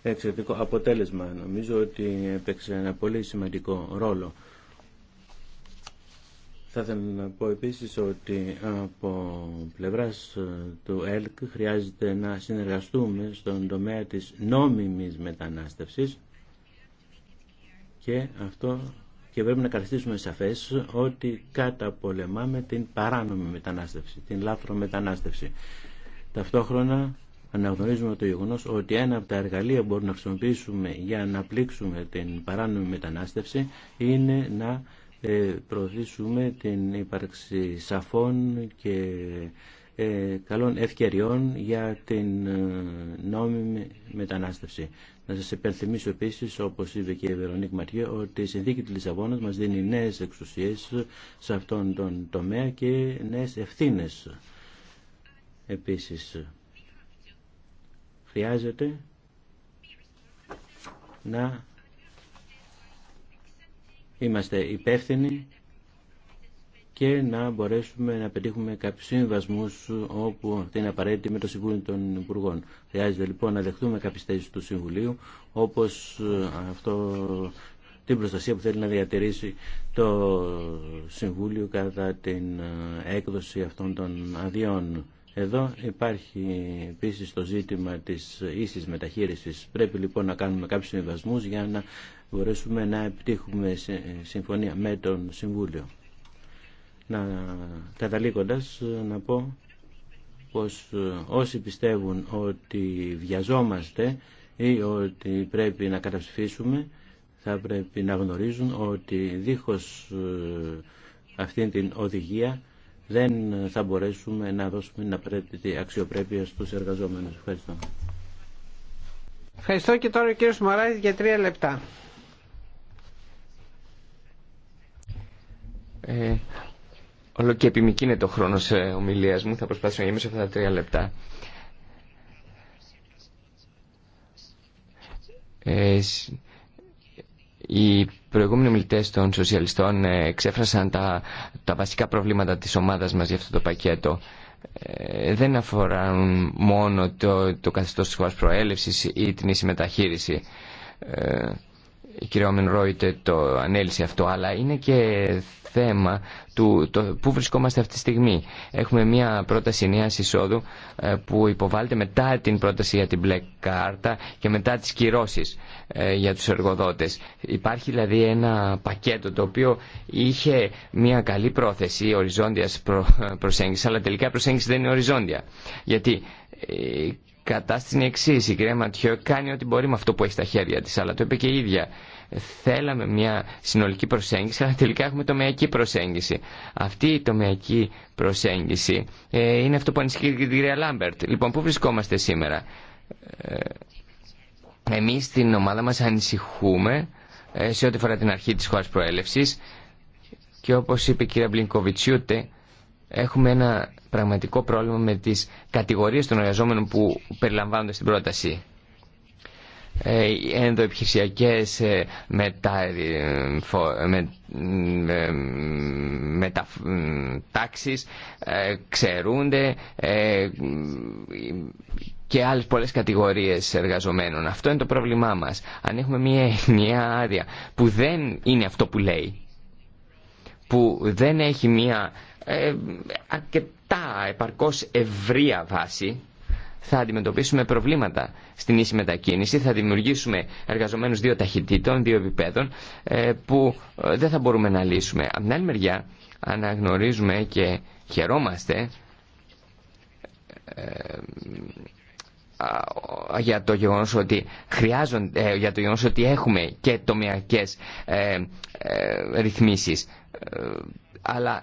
εξαιρετικό αποτέλεσμα. Νομίζω ότι έπαιξε ένα πολύ σημαντικό ρόλο. Θα ήθελα να πω επίσης ότι από πλευράς του ΕΛΚ χρειάζεται να συνεργαστούμε στον τομέα της νόμιμης μετανάστευσης και αυτό και πρέπει να καθιστήσουμε σαφέ ότι καταπολεμάμε την παράνομη μετανάστευση, την λάθρο μετανάστευση. Ταυτόχρονα αναγνωρίζουμε το γεγονό ότι ένα από τα εργαλεία που μπορούμε να χρησιμοποιήσουμε για να πλήξουμε την παράνομη μετανάστευση είναι να ε, προωθήσουμε την ύπαρξη σαφών και ε, καλών ευκαιριών για την ε, νόμιμη μετανάστευση. Να σας υπενθυμίσω επίσης, όπως είπε και η Βερονίκ Ματιέ, ότι η συνθήκη της Λισαβόνας μας δίνει νέες εξουσίες σε αυτόν τον τομέα και νέες ευθύνες. Επίσης, χρειάζεται να είμαστε υπεύθυνοι και να μπορέσουμε να πετύχουμε κάποιου συμβασμού όπου είναι απαραίτητη με το Συμβούλιο των Υπουργών. Χρειάζεται λοιπόν να δεχτούμε κάποιε θέσει του Συμβουλίου, όπω ε, αυτό την προστασία που θέλει να διατηρήσει το Συμβούλιο κατά την ε, έκδοση αυτών των αδειών. Εδώ υπάρχει επίση το ζήτημα τη ίση μεταχείρισης. Πρέπει λοιπόν να κάνουμε κάποιου συμβασμού για να μπορέσουμε να επιτύχουμε συμφωνία με τον Συμβούλιο. Να καταλήγοντας να πω πως ε, όσοι πιστεύουν ότι βιαζόμαστε ή ότι πρέπει να καταψηφίσουμε θα πρέπει να γνωρίζουν ότι δίχως ε, αυτήν την οδηγία δεν θα μπορέσουμε να δώσουμε να πρέπει αξιοπρέπεια στους εργαζόμενους. Ευχαριστώ. Ευχαριστώ και τώρα ο κύριος Μωράης για τρία λεπτά. Ε, Όλο και επιμικίνεται το χρόνο ε, ομιλία μου. Θα προσπαθήσω να γεμίσω αυτά τα τρία λεπτά. Ε, οι προηγούμενοι ομιλητέ των σοσιαλιστών ε, εξέφρασαν τα, τα βασικά προβλήματα της ομάδας μας για αυτό το πακέτο. Ε, δεν αφορά μόνο το, το καθεστώς της χώρας προέλευσης ή την ίση μεταχείριση η κυρία Ρόιτε το ανέλησε αυτό, αλλά είναι και θέμα του το, πού βρισκόμαστε αυτή τη στιγμή. Έχουμε μια πρόταση νέα εισόδου ε, που υποβάλλεται μετά την πρόταση για την μπλε κάρτα και μετά τις κυρώσεις ε, για τους εργοδότες. Υπάρχει δηλαδή ένα πακέτο το οποίο είχε μια καλή πρόθεση οριζόντιας προ, προσέγγισης, αλλά τελικά η προσέγγιση δεν είναι οριζόντια. Γιατί ε, κατάσταση είναι εξή. Η κυρία Ματιό κάνει ό,τι μπορεί με αυτό που έχει στα χέρια τη, αλλά το είπε και η ίδια. Θέλαμε μια συνολική προσέγγιση, αλλά τελικά έχουμε τομεακή προσέγγιση. Αυτή η τομεακή προσέγγιση ε, είναι αυτό που ανησυχεί και την κυρία Λάμπερτ. Λοιπόν, πού βρισκόμαστε σήμερα. Ε, εμείς στην ομάδα μας ανησυχούμε ε, σε ό,τι φορά την αρχή της χώρας προέλευσης και όπως είπε η κυρία Μπλινκοβιτσιούτε έχουμε ένα πραγματικό πρόβλημα με τις κατηγορίες των εργαζόμενων που περιλαμβάνονται στην πρόταση. Οι ενδοεπιχειρησιακές μετα... με... ξερούνται και άλλες πολλές κατηγορίες εργαζομένων. Αυτό είναι το πρόβλημά μας. Αν έχουμε μια ενιαία άδεια που δεν είναι αυτό που λέει που δεν έχει μια ε, αρκετά επαρκώς ευρία βάση θα αντιμετωπίσουμε προβλήματα στην ίση μετακίνηση, θα δημιουργήσουμε εργαζομένους δύο ταχυτήτων, δύο επιπέδων ε, που ε, δεν θα μπορούμε να λύσουμε. Από την άλλη μεριά αναγνωρίζουμε και χαιρόμαστε ε, για το γεγονός ότι χρειάζονται, για το ότι έχουμε και τομιακές ε, ρυθμίσεις αλλά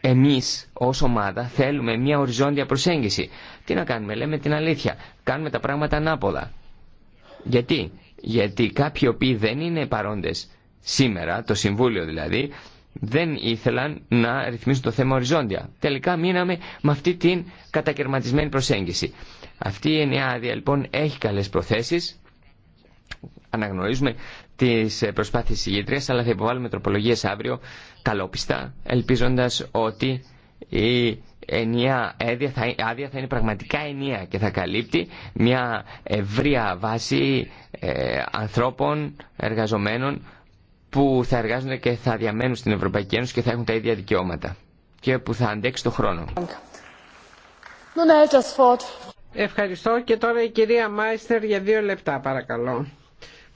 εμείς ως ομάδα θέλουμε μια οριζόντια προσέγγιση. Τι να κάνουμε, λέμε την αλήθεια. Κάνουμε τα πράγματα ανάποδα. Γιατί, γιατί κάποιοι οποίοι δεν είναι παρόντες σήμερα, το Συμβούλιο δηλαδή, δεν ήθελαν να ρυθμίσουν το θέμα οριζόντια. Τελικά μείναμε με αυτή την κατακαιρματισμένη προσέγγιση. Αυτή η ενιαία λοιπόν έχει καλές προθέσεις. Αναγνωρίζουμε τις προσπάθειε της ηγετρίας, αλλά θα υποβάλουμε τροπολογίες αύριο καλόπιστα, ελπίζοντας ότι η ενιαία άδεια θα, θα είναι πραγματικά ενία και θα καλύπτει μια ευρεία βάση ε, ανθρώπων, εργαζομένων που θα εργάζονται και θα διαμένουν στην Ευρωπαϊκή Ένωση και θα έχουν τα ίδια δικαιώματα και που θα αντέξει το χρόνο. Ευχαριστώ και τώρα η κυρία Μάιστερ για δύο λεπτά παρακαλώ.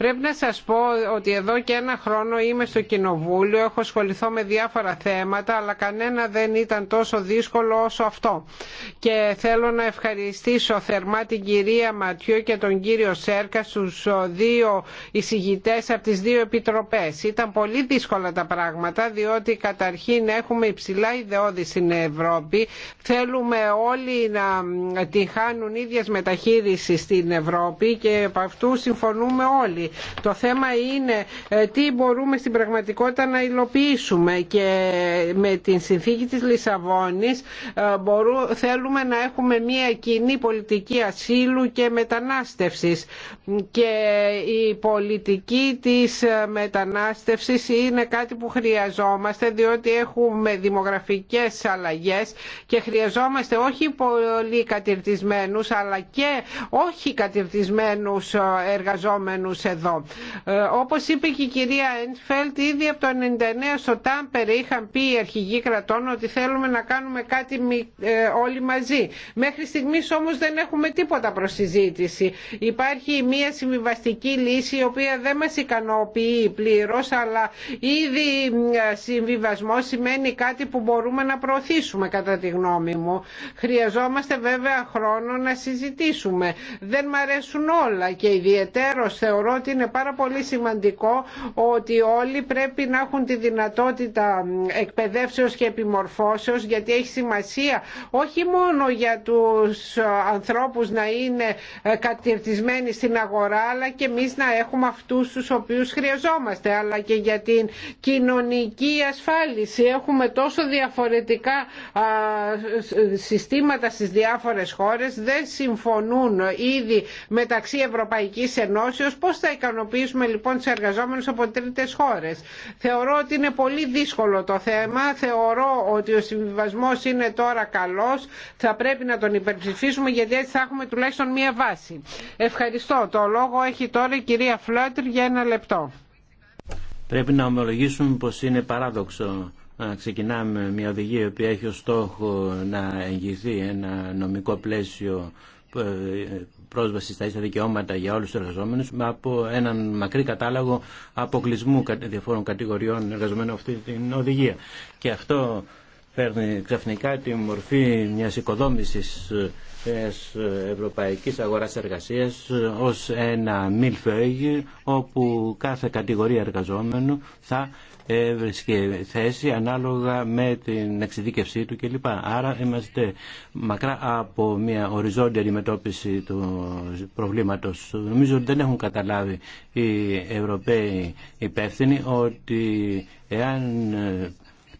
Πρέπει να σας πω ότι εδώ και ένα χρόνο είμαι στο Κοινοβούλιο, έχω ασχοληθώ με διάφορα θέματα, αλλά κανένα δεν ήταν τόσο δύσκολο όσο αυτό. Και θέλω να ευχαριστήσω θερμά την κυρία Ματιού και τον κύριο Σέρκα, στους δύο εισηγητές από τις δύο επιτροπές. Ήταν πολύ δύσκολα τα πράγματα, διότι καταρχήν έχουμε υψηλά ιδεώδη στην Ευρώπη. Θέλουμε όλοι να τη χάνουν ίδιας μεταχείρισης στην Ευρώπη και από αυτού συμφωνούμε όλοι το θέμα είναι ε, τι μπορούμε στην πραγματικότητα να υλοποιήσουμε και με την συνθήκη της Λισαβόνης ε, θέλουμε να έχουμε μια κοινή πολιτική ασύλου και μετανάστευσης και η πολιτική της ε, μετανάστευσης είναι κάτι που χρειαζόμαστε διότι έχουμε δημογραφικές αλλαγές και χρειαζόμαστε όχι πολύ κατηρτισμένους αλλά και όχι κατηρτισμένους εργαζόμενους εδώ εδώ. Ε, όπως είπε και η κυρία Έντφελτ, ήδη από το 99 στο Τάμπερ είχαν πει οι αρχηγοί κρατών ότι θέλουμε να κάνουμε κάτι ε, όλοι μαζί. Μέχρι στιγμής όμως δεν έχουμε τίποτα προς Υπάρχει μια συμβιβαστική λύση η οποία δεν μα ικανοποιεί πλήρω, αλλά ήδη ε, συμβιβασμό σημαίνει κάτι που μπορούμε να προωθήσουμε κατά τη γνώμη μου. Χρειαζόμαστε βέβαια χρόνο να συζητήσουμε. Δεν μ' αρέσουν όλα και ιδιαίτερο θεωρώ είναι πάρα πολύ σημαντικό ότι όλοι πρέπει να έχουν τη δυνατότητα εκπαιδεύσεως και επιμορφώσεως γιατί έχει σημασία όχι μόνο για τους ε, ανθρώπους να είναι ε, κατηρτισμένοι στην αγορά αλλά και εμείς να έχουμε αυτούς τους οποίους χρειαζόμαστε αλλά και για την κοινωνική ασφάλιση έχουμε τόσο διαφορετικά συστήματα στις διάφορες χώρες δεν συμφωνούν ήδη μεταξύ Ευρωπαϊκής Ενώσεως θα ικανοποιήσουμε λοιπόν τους εργαζόμενους από τρίτες χώρες. Θεωρώ ότι είναι πολύ δύσκολο το θέμα. Θεωρώ ότι ο συμβιβασμός είναι τώρα καλός. Θα πρέπει να τον υπερψηφίσουμε γιατί έτσι θα έχουμε τουλάχιστον μία βάση. Ευχαριστώ. Το λόγο έχει τώρα η κυρία Φλότρ για ένα λεπτό. Πρέπει να ομολογήσουμε πως είναι παράδοξο να ξεκινάμε μια οδηγία η οποία έχει ως στόχο να εγγυηθεί ένα νομικό πλαίσιο ε, πρόσβαση στα ίσα δικαιώματα για όλους τους εργαζόμενους από έναν μακρύ κατάλογο αποκλεισμού διαφόρων κατηγοριών εργαζομένων αυτή την οδηγία. Και αυτό παίρνει ξαφνικά τη μορφή μιας οικοδόμησης ε, ευρωπαϊκής αγοράς εργασίας ως ένα μιλφέγγι όπου κάθε κατηγορία εργαζόμενου θα έβρισκε θέση ανάλογα με την εξειδίκευσή του κλπ. Άρα είμαστε μακρά από μια οριζόντια αντιμετώπιση του προβλήματος. Νομίζω ότι δεν έχουν καταλάβει οι Ευρωπαίοι υπεύθυνοι ότι εάν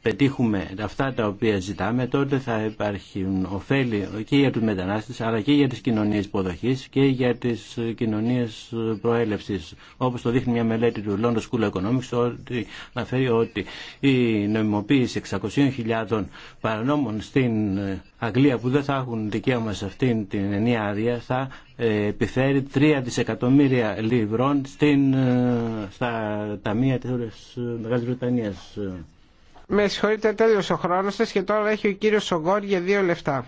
πετύχουμε αυτά τα οποία ζητάμε, τότε θα υπάρχουν ωφέλη και για τους μετανάστες, αλλά και για τις κοινωνίες υποδοχής και για τις κοινωνίες προέλευσης. Όπως το δείχνει μια μελέτη του London School of Economics, ότι αναφέρει ότι η νομιμοποίηση 600.000 παρανόμων στην Αγγλία που δεν θα έχουν δικαίωμα σε αυτήν την ενία άδεια θα ε, επιφέρει 3 δισεκατομμύρια λιβρών στην, ε, στα ταμεία της Μεγάλης Βρετανίας. Με συγχωρείτε τέλειος ο χρόνος σας και τώρα έχει ο κύριος Σογκόρ για δύο λεφτά.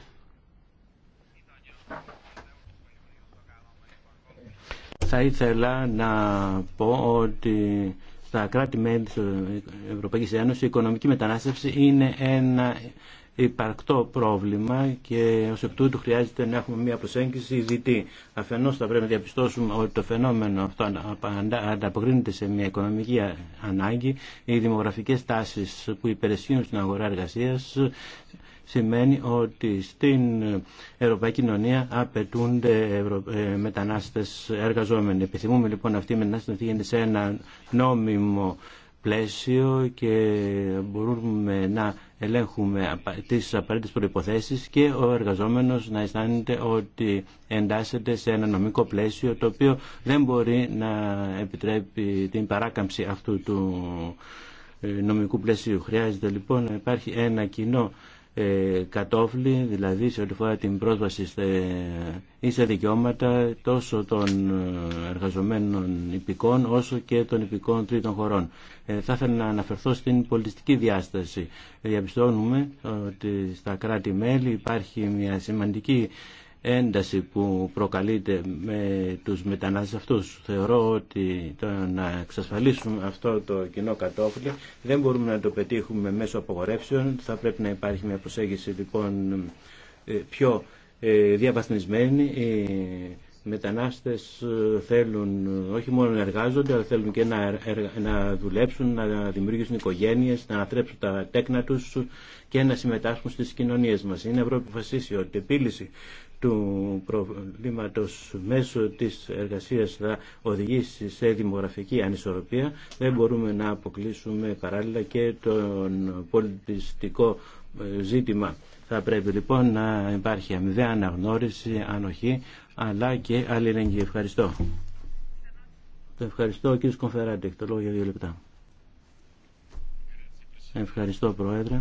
Θα ήθελα να πω ότι στα κράτη-μέλη της Ευρωπαϊκής Ένωσης η οικονομική μετανάστευση είναι ένα υπαρκτό πρόβλημα και ω εκ τούτου χρειάζεται να έχουμε μια προσέγγιση διτή. Αφενός θα πρέπει να διαπιστώσουμε ότι το φαινόμενο αυτό ανταποκρίνεται σε μια οικονομική ανάγκη. Οι δημογραφικές τάσει που υπερισχύουν στην αγορά εργασία σημαίνει ότι στην Ευρωπαϊκή Κοινωνία απαιτούνται ε, μετανάστες εργαζόμενοι. Επιθυμούμε λοιπόν αυτή η μετανάστες να γίνεται σε ένα νόμιμο πλαίσιο και μπορούμε να ελέγχουμε τις απαραίτητες προϋποθέσεις και ο εργαζόμενος να αισθάνεται ότι εντάσσεται σε ένα νομικό πλαίσιο το οποίο δεν μπορεί να επιτρέπει την παράκαμψη αυτού του ε, νομικού πλαίσιου. Χρειάζεται λοιπόν να υπάρχει ένα κοινό ε, κατόφλη, δηλαδή σε ό,τι φορά την πρόσβαση σε δικαιώματα τόσο των ε, εργαζομένων υπηκών όσο και των υπηκών τρίτων χωρών. Ε, θα ήθελα να αναφερθώ στην πολιτιστική διάσταση. Διαπιστώνουμε ότι στα κράτη-μέλη υπάρχει μια σημαντική ένταση που προκαλείται με τους μετανάστες αυτούς. Θεωρώ ότι το να εξασφαλίσουμε αυτό το κοινό κατόφλι δεν μπορούμε να το πετύχουμε μέσω απογορεύσεων. Θα πρέπει να υπάρχει μια προσέγγιση λοιπόν ε, πιο ε, διαβαθμισμένη. Οι μετανάστες ε, θέλουν όχι μόνο να εργάζονται, αλλά θέλουν και να, δουλέψουν, να δημιουργήσουν οικογένειες, να ανατρέψουν τα τέκνα τους και να συμμετάσχουν στις κοινωνίες μας. Είναι ευρώ ότι επίλυση του προβλήματος μέσω της εργασίας θα οδηγήσει σε δημογραφική ανισορροπία δεν μπορούμε να αποκλείσουμε παράλληλα και τον πολιτιστικό ε, ζήτημα. Θα πρέπει λοιπόν να υπάρχει αμοιβαία αναγνώριση, ανοχή αλλά και αλληλεγγύη. Ευχαριστώ. Ευχαριστώ κύριε Σκοφεράτη. Έχει το λόγο για δύο λεπτά. Ευχαριστώ Πρόεδρε.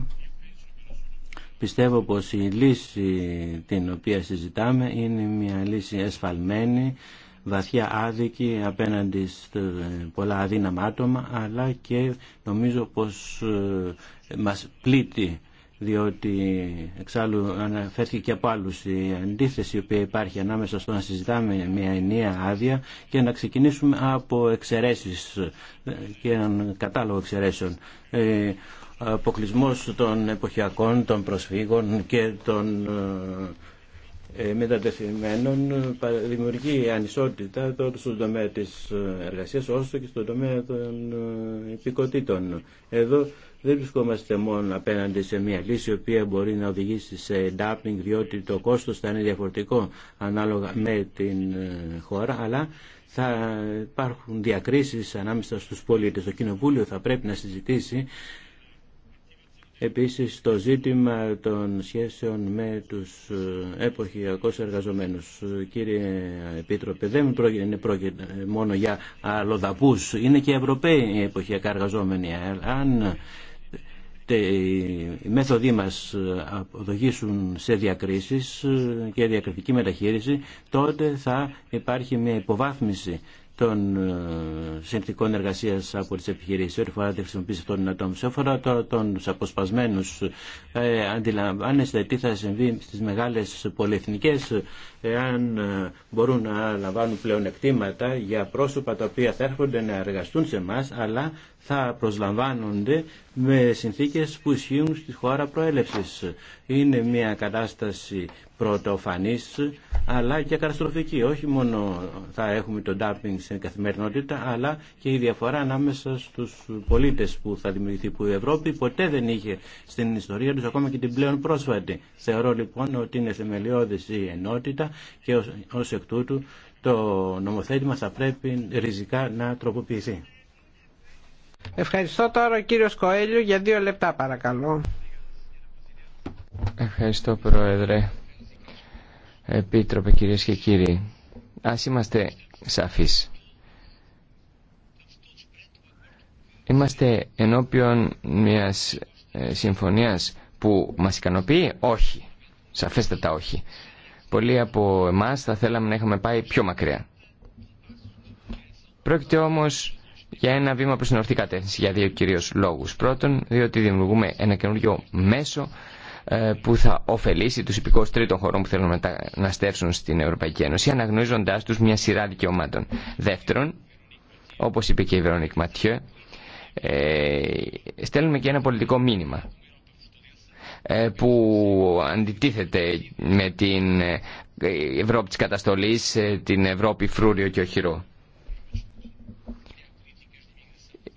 Πιστεύω πως η λύση την οποία συζητάμε είναι μια λύση εσφαλμένη, βαθιά άδικη απέναντι σε πολλά αδύναμα άτομα, αλλά και νομίζω πως ε, μας πλήττει διότι εξάλλου αναφέρθηκε και από άλλους η αντίθεση η οποία υπάρχει ανάμεσα στο να συζητάμε μια ενία άδεια και να ξεκινήσουμε από εξαιρέσεις ε, και έναν κατάλογο εξαιρέσεων. Ε, αποκλεισμό των εποχιακών, των προσφύγων και των ε, ε, μετατεθειμένων ε, δημιουργεί ανισότητα τόσο στον τομέα της εργασίας όσο και στον τομέα των υπηκοτήτων. Εδώ δεν βρισκόμαστε μόνο απέναντι σε μια λύση η οποία μπορεί να οδηγήσει σε dumping διότι το κόστος θα είναι διαφορετικό ανάλογα με την χώρα αλλά θα υπάρχουν διακρίσεις ανάμεσα στους πολίτες. Το Κοινοβούλιο θα πρέπει να συζητήσει Επίσης το ζήτημα των σχέσεων με τους ε, εποχιακούς εργαζομένους. Κύριε Επίτροπε, δεν είναι πρόκειται μόνο για αλλοδαπούς, είναι και Ευρωπαίοι εποχιακά εργαζόμενοι. Αν οι μέθοδοι μας αποδογήσουν σε διακρίσεις και διακριτική μεταχείριση, τότε θα υπάρχει μια υποβάθμιση των ε, συνθηκών εργασία από τι επιχειρήσει, ό,τι φορά τη χρησιμοποίηση των ατόμων. Σε αφορά τώρα του αποσπασμένου, ε, αντιλαμβάνεστε τι θα συμβεί στι μεγάλε πολυεθνικέ, εάν ε, μπορούν να λαμβάνουν πλεονεκτήματα για πρόσωπα τα οποία θα έρχονται να εργαστούν σε εμά, αλλά θα προσλαμβάνονται με συνθήκες που ισχύουν στη χώρα προέλευσης. Είναι μια κατάσταση πρωτοφανής αλλά και καταστροφική. Όχι μόνο θα έχουμε το ντάπινγκ στην καθημερινότητα αλλά και η διαφορά ανάμεσα στους πολίτες που θα δημιουργηθεί που η Ευρώπη ποτέ δεν είχε στην ιστορία τους ακόμα και την πλέον πρόσφατη. Θεωρώ λοιπόν ότι είναι θεμελιώδης η ενότητα και ως εκ τούτου το νομοθέτημα θα πρέπει ριζικά να τροποποιηθεί. Ευχαριστώ τώρα ο κύριος Κοέλιο για δύο λεπτά παρακαλώ. Ευχαριστώ Πρόεδρε. Επίτροπε κυρίες και κύριοι. Ας είμαστε σαφείς. Είμαστε ενώπιον μιας ε, συμφωνίας που μας ικανοποιεί. Όχι. Σαφέστατα όχι. Πολλοί από εμάς θα θέλαμε να είχαμε πάει πιο μακριά. Πρόκειται όμως για ένα βήμα προς την ορθή κατεύθυνση για δύο κυρίως λόγους. Πρώτον, διότι δημιουργούμε ένα καινούργιο μέσο ε, που θα ωφελήσει τους υπηκόους τρίτων χωρών που θέλουν να στεύσουν στην Ευρωπαϊκή Ένωση αναγνωρίζοντάς τους μια σειρά δικαιωμάτων. Δεύτερον, όπως είπε και η Βερόνικ Ματιέ, ε, στέλνουμε και ένα πολιτικό μήνυμα ε, που αντιτίθεται με την Ευρώπη της καταστολής, την Ευρώπη φρούριο και οχυρό.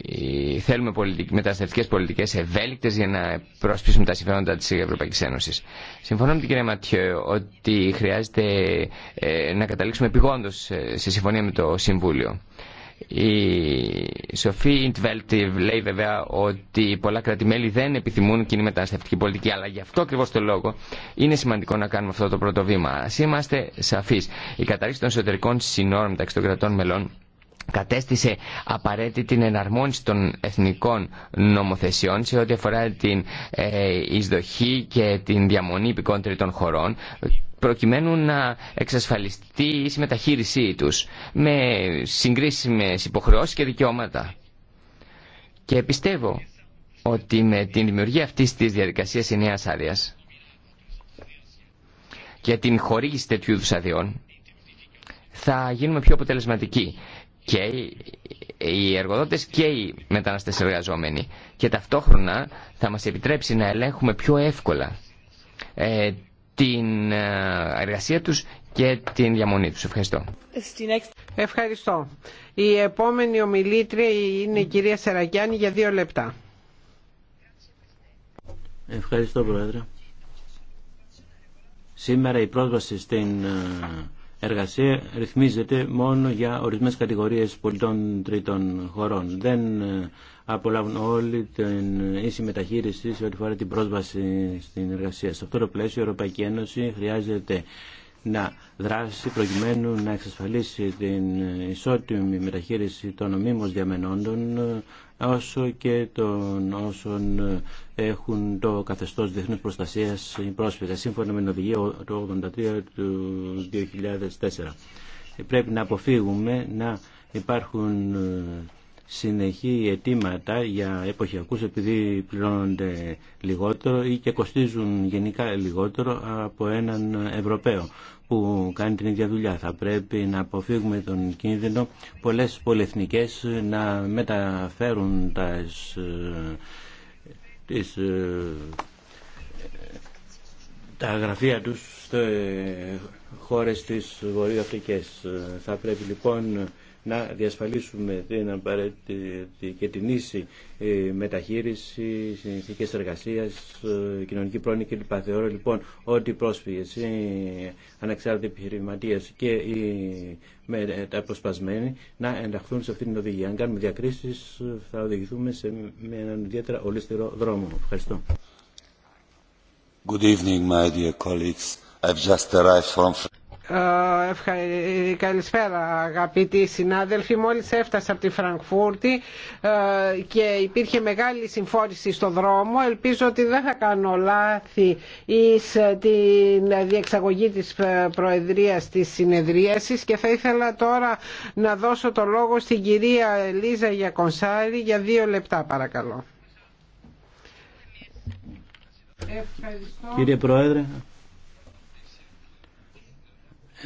Ε, θέλουμε μεταναστευτικέ πολιτικέ ευέλικτε για να προσπίσουμε τα συμφέροντα τη Ευρωπαϊκή Ένωση. Συμφωνώ με την κυρία Ματιέ ότι χρειάζεται ε, να καταλήξουμε επιγόντω ε, σε συμφωνία με το Συμβούλιο. Η Σοφή Ιντβέλτ λέει βέβαια ότι πολλά κράτη-μέλη δεν επιθυμούν κοινή μεταναστευτική πολιτική, αλλά γι' αυτό ακριβώ το λόγο είναι σημαντικό να κάνουμε αυτό το πρώτο βήμα. Α είμαστε σαφεί. Η καταρρύξη των εσωτερικών συνόρων μεταξύ των κρατών μελών κατέστησε απαραίτητη την εναρμόνιση των εθνικών νομοθεσιών σε ό,τι αφορά την ε, εισδοχή και την διαμονή υπηκών τρίτων χωρών προκειμένου να εξασφαλιστεί η συμμεταχείρισή τους με συγκρίσιμες υποχρεώσεις και δικαιώματα. Και πιστεύω ότι με την δημιουργία αυτής της διαδικασίας νέας άδεια και την χορήγηση τέτοιου είδους αδειών θα γίνουμε πιο αποτελεσματικοί και οι εργοδότες και οι μεταναστές εργαζόμενοι και ταυτόχρονα θα μας επιτρέψει να ελέγχουμε πιο εύκολα ε, την ε, εργασία τους και την διαμονή τους. Ευχαριστώ. Ευχαριστώ. Η επόμενη ομιλήτρια είναι η κυρία Σερακιάνη για δύο λεπτά. Ευχαριστώ Πρόεδρε. Σήμερα η πρόσβαση στην ε, εργασία ρυθμίζεται μόνο για ορισμένες κατηγορίες πολιτών τρίτων χωρών. Δεν ε, απολαύουν όλοι την ίση μεταχείριση σε ό,τι φορά την πρόσβαση στην εργασία. Σε αυτό το πλαίσιο η Ευρωπαϊκή Ένωση χρειάζεται να δράσει προκειμένου να εξασφαλίσει την ισότιμη μεταχείριση των νομίμως διαμενόντων όσο και των όσων έχουν το καθεστώς διεθνούς προστασίας ή πρόσφυγες σύμφωνα με την οδηγία του 83 του 2004. Πρέπει να αποφύγουμε να υπάρχουν ε, συνεχή αιτήματα για εποχιακούς επειδή πληρώνονται λιγότερο ή και κοστίζουν γενικά λιγότερο από έναν Ευρωπαίο που κάνει την ίδια δουλειά. Θα πρέπει να αποφύγουμε τον κίνδυνο πολλές πολυεθνικές να μεταφέρουν τας, ε, τις, ε, τα γραφεία τους σε χώρες της Βορειοαφρικής. Ε, θα πρέπει λοιπόν να διασφαλίσουμε την απαραίτητη και την ίση ε, μεταχείριση, συνθήκες εργασία, ε, κοινωνική πρόνοια κλπ. Θεωρώ λοιπόν ότι οι πρόσφυγες, οι ανεξάρτητοι επιχειρηματίε και οι τα αποσπασμένοι να ενταχθούν σε αυτήν την οδηγία. Αν κάνουμε διακρίσεις θα οδηγηθούμε σε με έναν ιδιαίτερα ολίστερο δρόμο. Ευχαριστώ. Good evening, my dear colleagues. I've just arrived from... Ε, καλησπέρα αγαπητοί συνάδελφοι. Μόλις έφτασα από τη Φραγκφούρτη ε, και υπήρχε μεγάλη συμφόρηση στο δρόμο. Ελπίζω ότι δεν θα κάνω λάθη εις ε, την διεξαγωγή της Προεδρίας της συνεδρίασης και θα ήθελα τώρα να δώσω το λόγο στην κυρία Ελίζα Γιακονσάρη για δύο λεπτά παρακαλώ. Ευχαριστώ. Κύριε Πρόεδρε,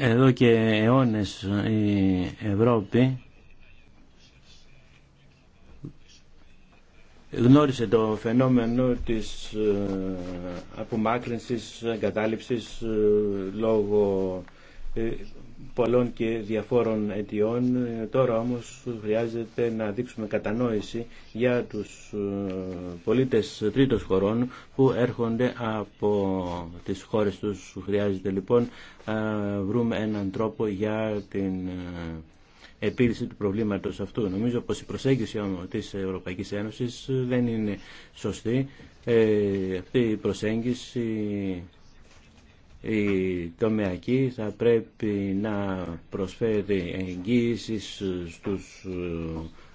εδώ και αιώνες η Ευρώπη γνώρισε το φαινόμενο της ε, απομάκρυνσης, εγκατάλειψης ε, λόγω ε, πολλών και διαφόρων αιτιών. Ε, τώρα όμως χρειάζεται να δείξουμε κατανόηση για τους ε, πολίτες τρίτος χωρών που έρχονται από τις χώρες τους. Χρειάζεται λοιπόν να ε, βρούμε έναν τρόπο για την επίλυση του προβλήματος αυτού. Νομίζω πως η προσέγγιση της Ευρωπαϊκής Ένωσης δεν είναι σωστή. αυτή η προσέγγιση η τομεακή θα πρέπει να προσφέρει εγγύηση στους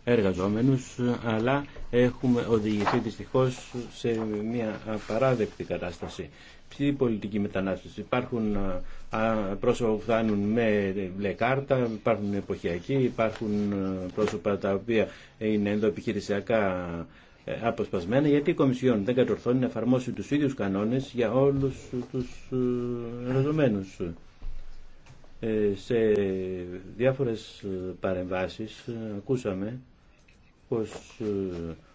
εργαζόμενους αλλά έχουμε οδηγηθεί δυστυχώς σε μια απαράδεκτη κατάσταση. Ποιοι πολιτική μετανάστευση. Υπάρχουν πρόσωπα που φτάνουν με μπλε υπάρχουν εποχιακοί, υπάρχουν ε, πρόσωπα τα οποία είναι ενδοεπιχειρησιακά ε, αποσπασμένα γιατί η Κομισιόν δεν κατορθώνει να εφαρμόσει τους ίδιους κανόνες για όλους τους ε, εργαζομένους. Ε, σε διάφορες παρεμβάσεις ακούσαμε πως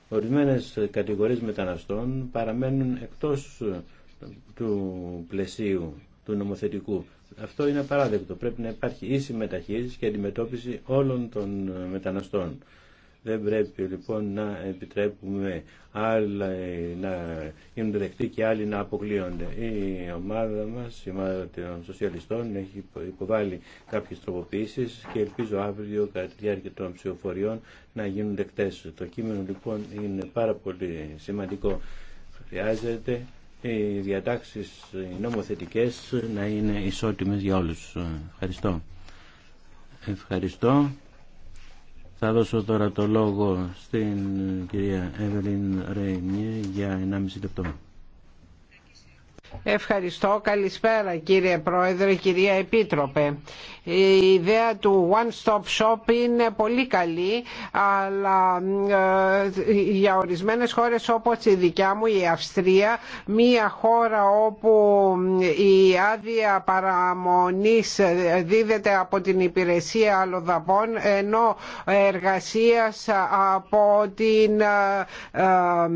ορισμένες κατηγορίες μεταναστών παραμένουν εκτός του πλαισίου του νομοθετικού. Αυτό είναι απαράδεκτο. Πρέπει να υπάρχει ίση μεταχείριση και αντιμετώπιση όλων των μεταναστών. Δεν πρέπει λοιπόν να επιτρέπουμε άλλα να γίνονται δεκτοί και άλλοι να αποκλείονται. Η ομάδα μας, η ομάδα των σοσιαλιστών, έχει υποβάλει κάποιες τροποποιήσεις και ελπίζω αύριο κατά τη διάρκεια των ψηφοφοριών να γίνουν δεκτές. Το κείμενο λοιπόν είναι πάρα πολύ σημαντικό. Χρειάζεται οι διατάξεις νομοθετικέ, νομοθετικές να είναι ισότιμες για όλους. Ευχαριστώ. Ευχαριστώ. Θα δώσω τώρα το λόγο στην κυρία Εύελιν Ρέινιε για 1,5 λεπτό. Ευχαριστώ. Καλησπέρα κύριε Πρόεδρε, κυρία Επίτροπε. Η ιδέα του One Stop Shop είναι πολύ καλή, αλλά ε, για ορισμένες χώρες όπως η δικιά μου, η Αυστρία, μία χώρα όπου η άδεια παραμονής δίδεται από την υπηρεσία αλλοδαπών, ενώ εργασίας από την ε, ε,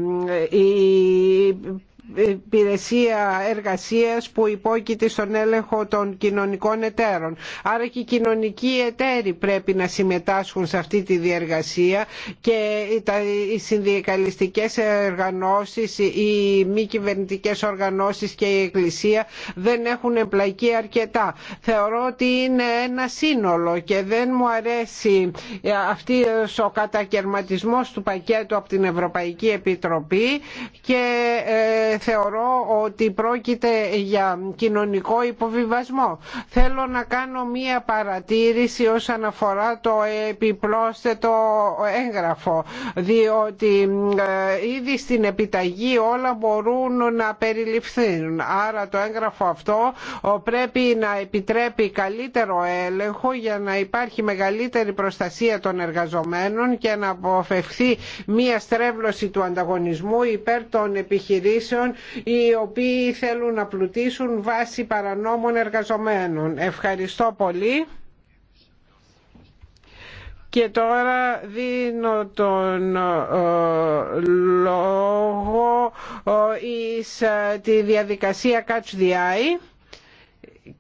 υπηρεσία εργασίας που υπόκειται στον έλεγχο των κοινωνικών εταίρων. Άρα και οι κοινωνικοί εταίροι πρέπει να συμμετάσχουν σε αυτή τη διεργασία και οι συνδικαλιστικές οργανώσεις, οι μη κυβερνητικές οργανώσεις και η Εκκλησία δεν έχουν εμπλακεί αρκετά. Θεωρώ ότι είναι ένα σύνολο και δεν μου αρέσει αυτή ο κατακαιρματισμός του πακέτου από την Ευρωπαϊκή Επιτροπή και ε, θεωρώ ότι πρόκειται για κοινωνικό υποβιβασμό. Θέλω να κάνω μία παρατήρηση όσον αφορά το επιπρόσθετο έγγραφο, διότι ε, ήδη στην επιταγή όλα μπορούν να περιληφθούν. Άρα το έγγραφο αυτό πρέπει να επιτρέπει καλύτερο έλεγχο για να υπάρχει μεγαλύτερη προστασία των εργαζομένων και να αποφευθεί μία στρέβλωση του ανταγωνισμού υπέρ των επιχειρήσεων οι οποίοι θέλουν να πλουτίσουν βάσει παρανόμων εργαζομένων. Ευχαριστώ πολύ. Και τώρα δίνω τον ε, λόγο ε, εις ε, τη διαδικασία Catch the Eye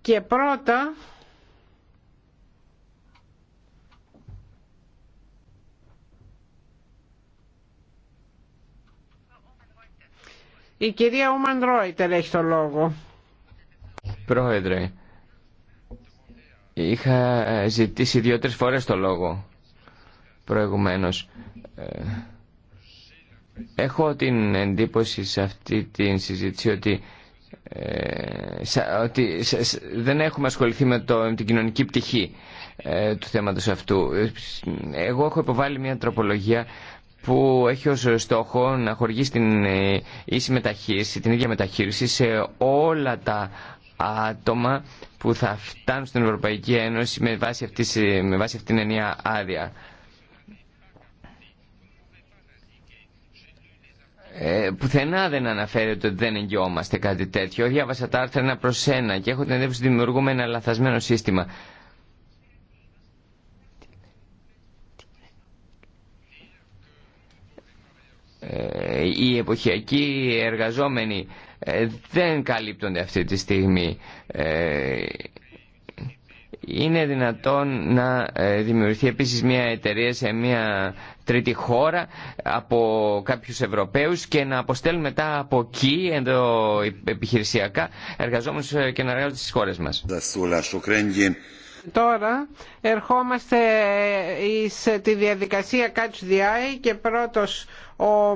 και πρώτα Η κυρία Ουμαν Ρόιτερ έχει το λόγο. Πρόεδρε, είχα ε, ζητήσει δύο-τρεις φορές το λόγο προηγουμένως. Ε, έχω την εντύπωση σε αυτή τη συζήτηση ότι, ε, δεν έχουμε ασχοληθεί με, το, την κοινωνική πτυχή του θέματος αυτού. Εγώ έχω υποβάλει μια τροπολογία που έχει ως στόχο να χορηγήσει την ε, ίση μεταχείριση, την ίδια μεταχείριση σε όλα τα άτομα που θα φτάνουν στην Ευρωπαϊκή Ένωση με βάση, αυτή ε, με βάση αυτήν την ενιαία άδεια. Ε, πουθενά δεν αναφέρεται ότι δεν εγγυόμαστε κάτι τέτοιο. Διάβασα τα άρθρα ένα προς ένα και έχω την εντύπωση ότι δημιουργούμε ένα λαθασμένο σύστημα. Ε, οι εποχιακοί εργαζόμενοι ε, δεν καλύπτονται αυτή τη στιγμή. Ε, είναι δυνατόν να δημιουργηθεί επίσης μια εταιρεία σε μια τρίτη χώρα από κάποιους Ευρωπαίους και να αποστέλουν μετά από εκεί επιχειρησιακά εργαζόμενους και να εργάζονται στις χώρες μας. Τώρα ερχόμαστε σε τη διαδικασία Catch the Eye και πρώτος ο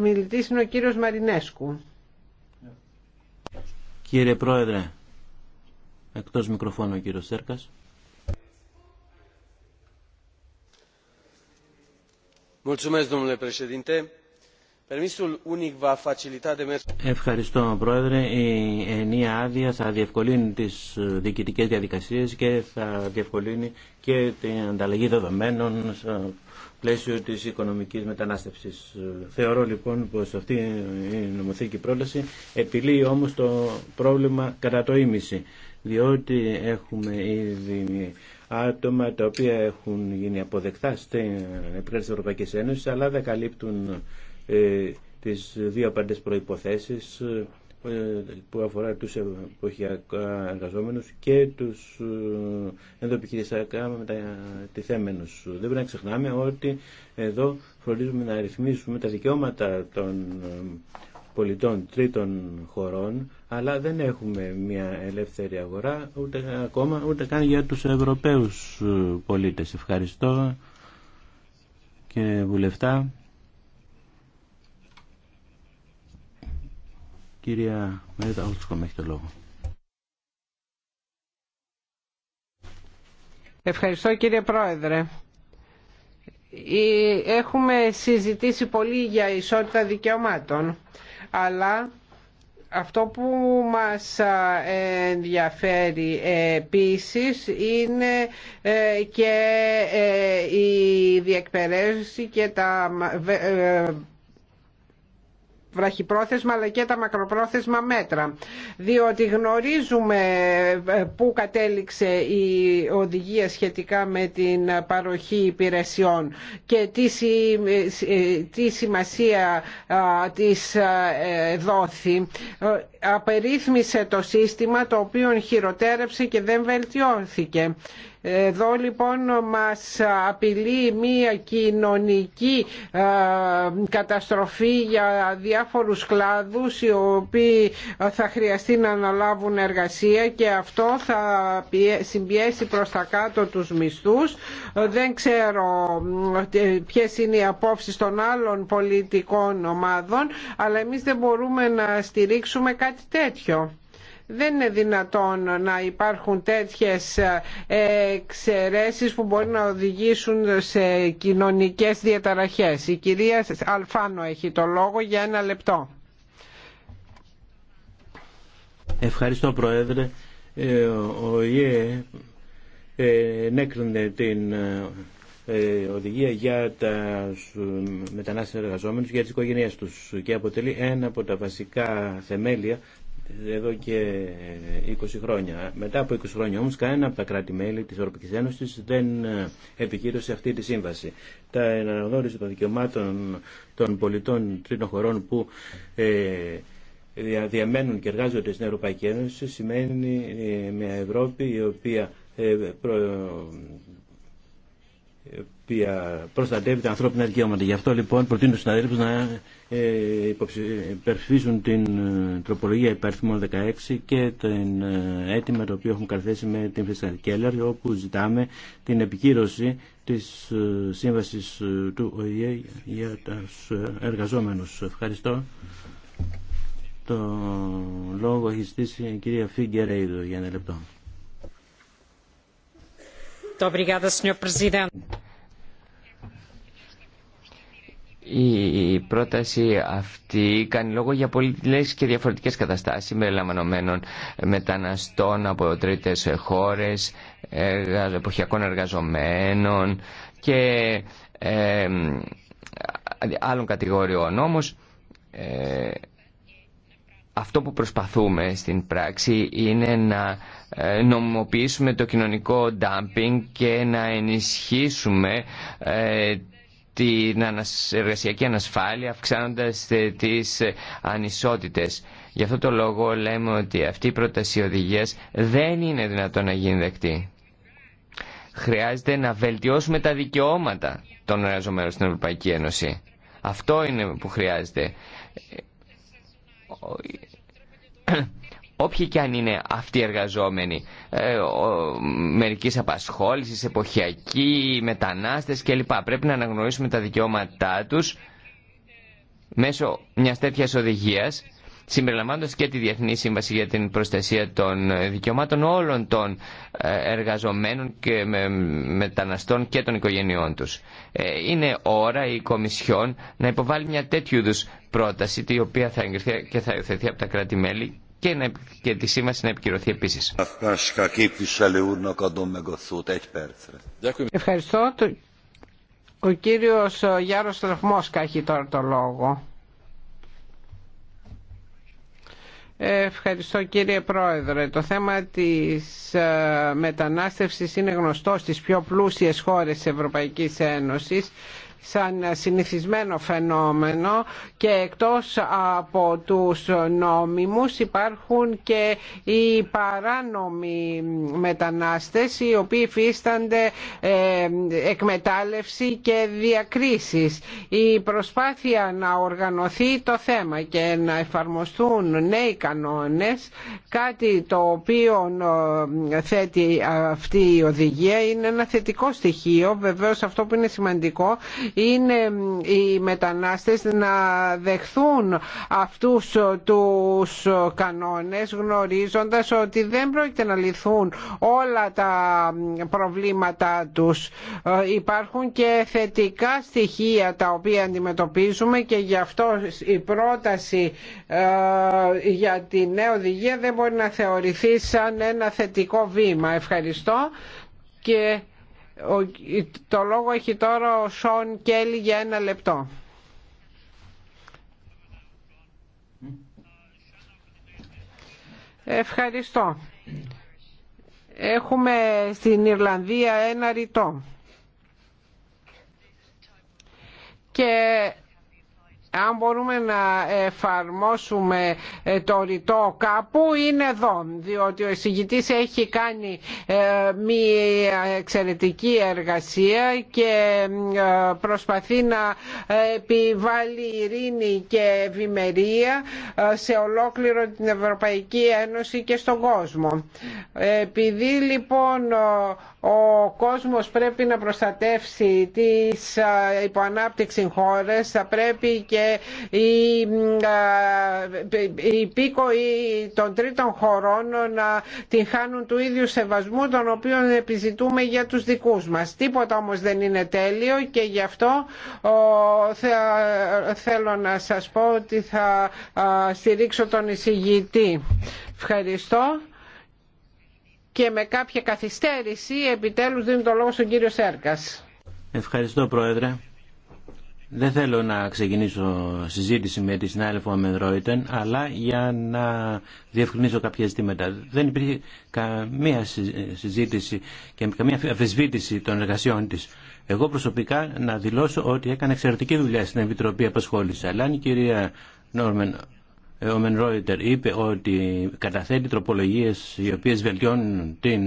μιλητής είναι ο κύριος Μαρινέσκου. Κύριε Πρόεδρε, εκτός μικροφώνου ο κύριος Σέρκας. Mulțumesc, domnule președinte Ευχαριστώ Πρόεδρε. Η ενία άδεια θα διευκολύνει τι διοικητικέ διαδικασίε και θα διευκολύνει και την ανταλλαγή δεδομένων στο πλαίσιο τη οικονομική μετανάστευση. Θεωρώ λοιπόν πω αυτή η νομοθήκη πρόταση επιλύει όμω το πρόβλημα κατά το ίμιση διότι έχουμε ήδη άτομα τα οποία έχουν γίνει αποδεκτά στην επικράτηση τη Ευρωπαϊκή Ένωση, αλλά δεν καλύπτουν ε, τις δύο απαντές προϋποθέσεις ε, που αφορά τους εποχιακά εργαζόμενους και τους ε, ενδοεπιχειρησιακά μετατιθέμενους. Δεν πρέπει να ξεχνάμε ότι εδώ φροντίζουμε να ρυθμίσουμε τα δικαιώματα των πολιτών τρίτων χωρών, αλλά δεν έχουμε μια ελεύθερη αγορά ούτε ακόμα, ούτε καν για τους Ευρωπαίους πολίτες. Ευχαριστώ και βουλευτά. Κυρία λόγο. Ευχαριστώ κύριε Πρόεδρε. Έχουμε συζητήσει πολύ για ισότητα δικαιωμάτων, αλλά αυτό που μας ενδιαφέρει ε, επίσης είναι ε, και ε, η διεκπαιρέωση και τα βραχυπρόθεσμα αλλά και τα μακροπρόθεσμα μέτρα διότι γνωρίζουμε ε, που κατέληξε η οδηγία σχετικά με την παροχή υπηρεσιών και τι ε, σημασία της ε, δόθη απερίθμησε το σύστημα το οποίο χειροτέρεψε και δεν βελτιώθηκε εδώ λοιπόν μας απειλεί μία κοινωνική καταστροφή για διάφορους κλάδους οι οποίοι θα χρειαστεί να αναλάβουν εργασία και αυτό θα συμπιέσει προς τα κάτω τους μισθούς. Δεν ξέρω ποιες είναι οι απόψεις των άλλων πολιτικών ομάδων αλλά εμείς δεν μπορούμε να στηρίξουμε κάτι τέτοιο δεν είναι δυνατόν να υπάρχουν τέτοιες εξαιρέσεις που μπορεί να οδηγήσουν σε κοινωνικές διαταραχές. Η κυρία Αλφάνο έχει το λόγο για ένα λεπτό. Ευχαριστώ Πρόεδρε. Ε, ο ΙΕ ε, ενέκρινε την ε, οδηγία για τα μετανάστες εργαζόμενους για τις οικογένειές τους και αποτελεί ένα από τα βασικά θεμέλια εδώ και 20 ε, χρόνια. Μετά από 20 χρόνια όμως κανένα από τα κράτη-μέλη της Ευρωπαϊκής Ένωσης δεν ε, επικύρωσε αυτή τη σύμβαση. Τα αναγνώριση των δικαιωμάτων των πολιτών τρίτων χωρών που ε, διαμένουν και εργάζονται στην Ευρωπαϊκή Ένωση σημαίνει μια Ευρώπη η οποία οποία προστατεύει τα ανθρώπινα δικαιώματα. Γι' αυτό λοιπόν προτείνω στους συναδέλφους να ε, υπερψηφίσουν την ε, τροπολογία υπερθυμών 16 και την ε, αίτημα το οποίο έχουν καρθέσει με την Κέλλαρ όπου ζητάμε την επικύρωση της σύμβασης του ΟΗΕ για τους εργαζόμενους. Ευχαριστώ. Το λόγο έχει στήσει η κυρία Ρέιδο για ένα λεπτό. Η πρόταση αυτή κάνει λόγο για πολλές και διαφορετικές καταστάσεις συμπεριλαμβανομένων μεταναστών από τρίτες χώρες, εποχιακών εργαζομένων και ε, άλλων κατηγοριών. Όμως ε, αυτό που προσπαθούμε στην πράξη είναι να ε, νομοποιήσουμε το κοινωνικό dumping και να ενισχύσουμε την εργασιακή ανασφάλεια αυξάνοντας ε, τις ε, ανισότητες. Γι' αυτό το λόγο λέμε ότι αυτή η πρόταση οδηγίας δεν είναι δυνατόν να γίνει δεκτή. Χρειάζεται να βελτιώσουμε τα δικαιώματα των εργαζομένων στην Ευρωπαϊκή Ένωση. Αυτό είναι που χρειάζεται όποιοι και αν είναι αυτοί οι εργαζόμενοι, ε, μερικής απασχόλησης, εποχιακοί, μετανάστες κλπ. Πρέπει να αναγνωρίσουμε τα δικαιώματά τους μέσω μιας τέτοιας οδηγίας, συμπεριλαμβάνοντας και τη Διεθνή Σύμβαση για την Προστασία των Δικαιωμάτων όλων των ε, εργαζομένων και μεταναστών και των οικογενειών τους. Ε, είναι ώρα η Κομισιόν να υποβάλει μια τέτοιου πρόταση, η οποία θα εγκριθεί και θα υιοθεθεί από τα κράτη-μέλη και, να, και τη σύμβαση να επικυρωθεί επίση. Ευχαριστώ. Ο κύριος ε, Γιάρος Τραχμόσκα έχει τώρα το λόγο. Ευχαριστώ κύριε Πρόεδρε. Το θέμα της ε, μετανάστευσης είναι γνωστό στις πιο πλούσιες χώρες της Ευρωπαϊκής Ένωσης σαν συνηθισμένο φαινόμενο και εκτός από τους νόμιμους υπάρχουν και οι παράνομοι μετανάστες οι οποίοι υφίστανται ε, εκμετάλλευση και διακρίσεις. Η προσπάθεια να οργανωθεί το θέμα και να εφαρμοστούν νέοι κανόνες, κάτι το οποίο ε, θέτει αυτή η οδηγία είναι ένα θετικό στοιχείο. Βεβαίως αυτό που είναι σημαντικό είναι οι μετανάστες να δεχθούν αυτούς τους κανόνες γνωρίζοντας ότι δεν πρόκειται να λυθούν όλα τα προβλήματά τους. Ε, υπάρχουν και θετικά στοιχεία τα οποία αντιμετωπίζουμε και γι' αυτό η πρόταση ε, για τη νέα οδηγία δεν μπορεί να θεωρηθεί σαν ένα θετικό βήμα. Ευχαριστώ και το λόγο έχει τώρα ο Σον Κέλλη για ένα λεπτό. Ευχαριστώ. Έχουμε στην Ιρλανδία ένα ρητό. Και αν μπορούμε να εφαρμόσουμε ε, το ρητό κάπου είναι εδώ διότι ο εισηγητής έχει κάνει ε, μια εξαιρετική εργασία και ε, προσπαθεί να επιβάλλει ειρήνη και ευημερία σε ολόκληρο την Ευρωπαϊκή Ένωση και στον κόσμο. Επειδή λοιπόν ο κόσμος πρέπει να προστατεύσει τις υποανάπτυξη χώρες, θα πρέπει και οι, υπήκοοι των τρίτων χωρών να την χάνουν του ίδιου σεβασμού τον οποίο επιζητούμε για τους δικούς μας. Τίποτα όμως δεν είναι τέλειο και γι' αυτό θέλω να σας πω ότι θα στηρίξω τον εισηγητή. Ευχαριστώ και με κάποια καθυστέρηση επιτέλους δίνει το λόγο στον κύριο Σέρκας. Ευχαριστώ Πρόεδρε. Δεν θέλω να ξεκινήσω συζήτηση με τη συνάδελφο Αμενρόιτεν, αλλά για να διευκρινίσω κάποια ζητήματα. Δεν υπήρχε καμία συζήτηση και καμία αφισβήτηση των εργασιών της. Εγώ προσωπικά να δηλώσω ότι έκανε εξαιρετική δουλειά στην Επιτροπή Απασχόληση. Αλλά αν η κυρία Νόρμεν ε, ο Μενρόιτερ είπε ότι καταθέτει τροπολογίες οι οποίες βελτιώνουν την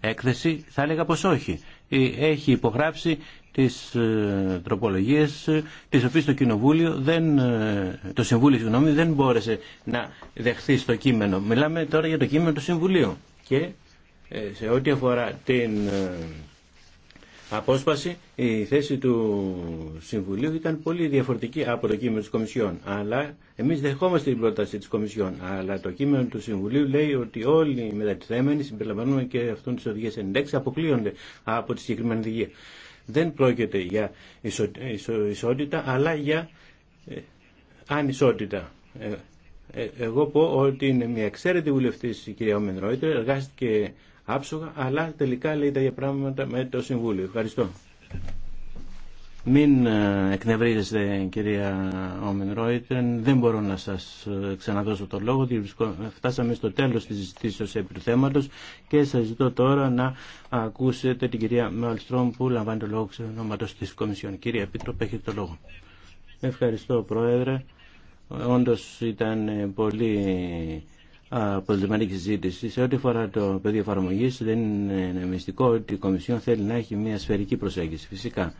έκθεση, θα έλεγα πως όχι. Ε, έχει υπογράψει τις ε, τροπολογίες τις οποίες το Κοινοβούλιο δεν, το Συμβούλιο συγγνώμη, δεν μπόρεσε να δεχθεί στο κείμενο. Μιλάμε τώρα για το κείμενο του Συμβουλίου και σε ό,τι αφορά την απόσπαση η θέση του Συμβουλίου ήταν πολύ διαφορετική από το κείμενο της Κομισιόν. Αλλά εμείς δεχόμαστε την πρόταση της Κομισιόν. Αλλά το κείμενο του Συμβουλίου λέει ότι όλοι οι μετατιθέμενοι, συμπεριλαμβανόμενοι και αυτών της οδηγίας εντέξει αποκλείονται από τη συγκεκριμένη οδηγία. Δεν πρόκειται για ισότητα, αλλά για ε, ανισότητα. Ε, ε, εγώ πω ότι είναι μια εξαίρετη βουλευτής η κυρία Ομενρόιτερ, εργάστηκε άψογα, αλλά τελικά λέει τα πράγματα με το Συμβούλιο. Ευχαριστώ. Μην ε, εκνευρίζεστε κυρία Όμιν Ρόιτεν, δεν μπορώ να σας ε, ξαναδώσω το λόγο, διότι ε, φτάσαμε στο τέλος της συζητήσεως επί του θέματος και σας ζητώ τώρα να ακούσετε την κυρία Μέλστρομ που λαμβάνει το λόγο ξενόματος της Κομισιόν. Κυρία Επίτροπε, έχετε το λόγο. Ευχαριστώ Πρόεδρε. Όντως ήταν πολύ προβληματική συζήτηση. Σε ό,τι αφορά το πεδίο εφαρμογή, δεν είναι μυστικό ότι η Κομισιόν θέλει να έχει μια σφαιρική προσέγγιση. Φυσικά.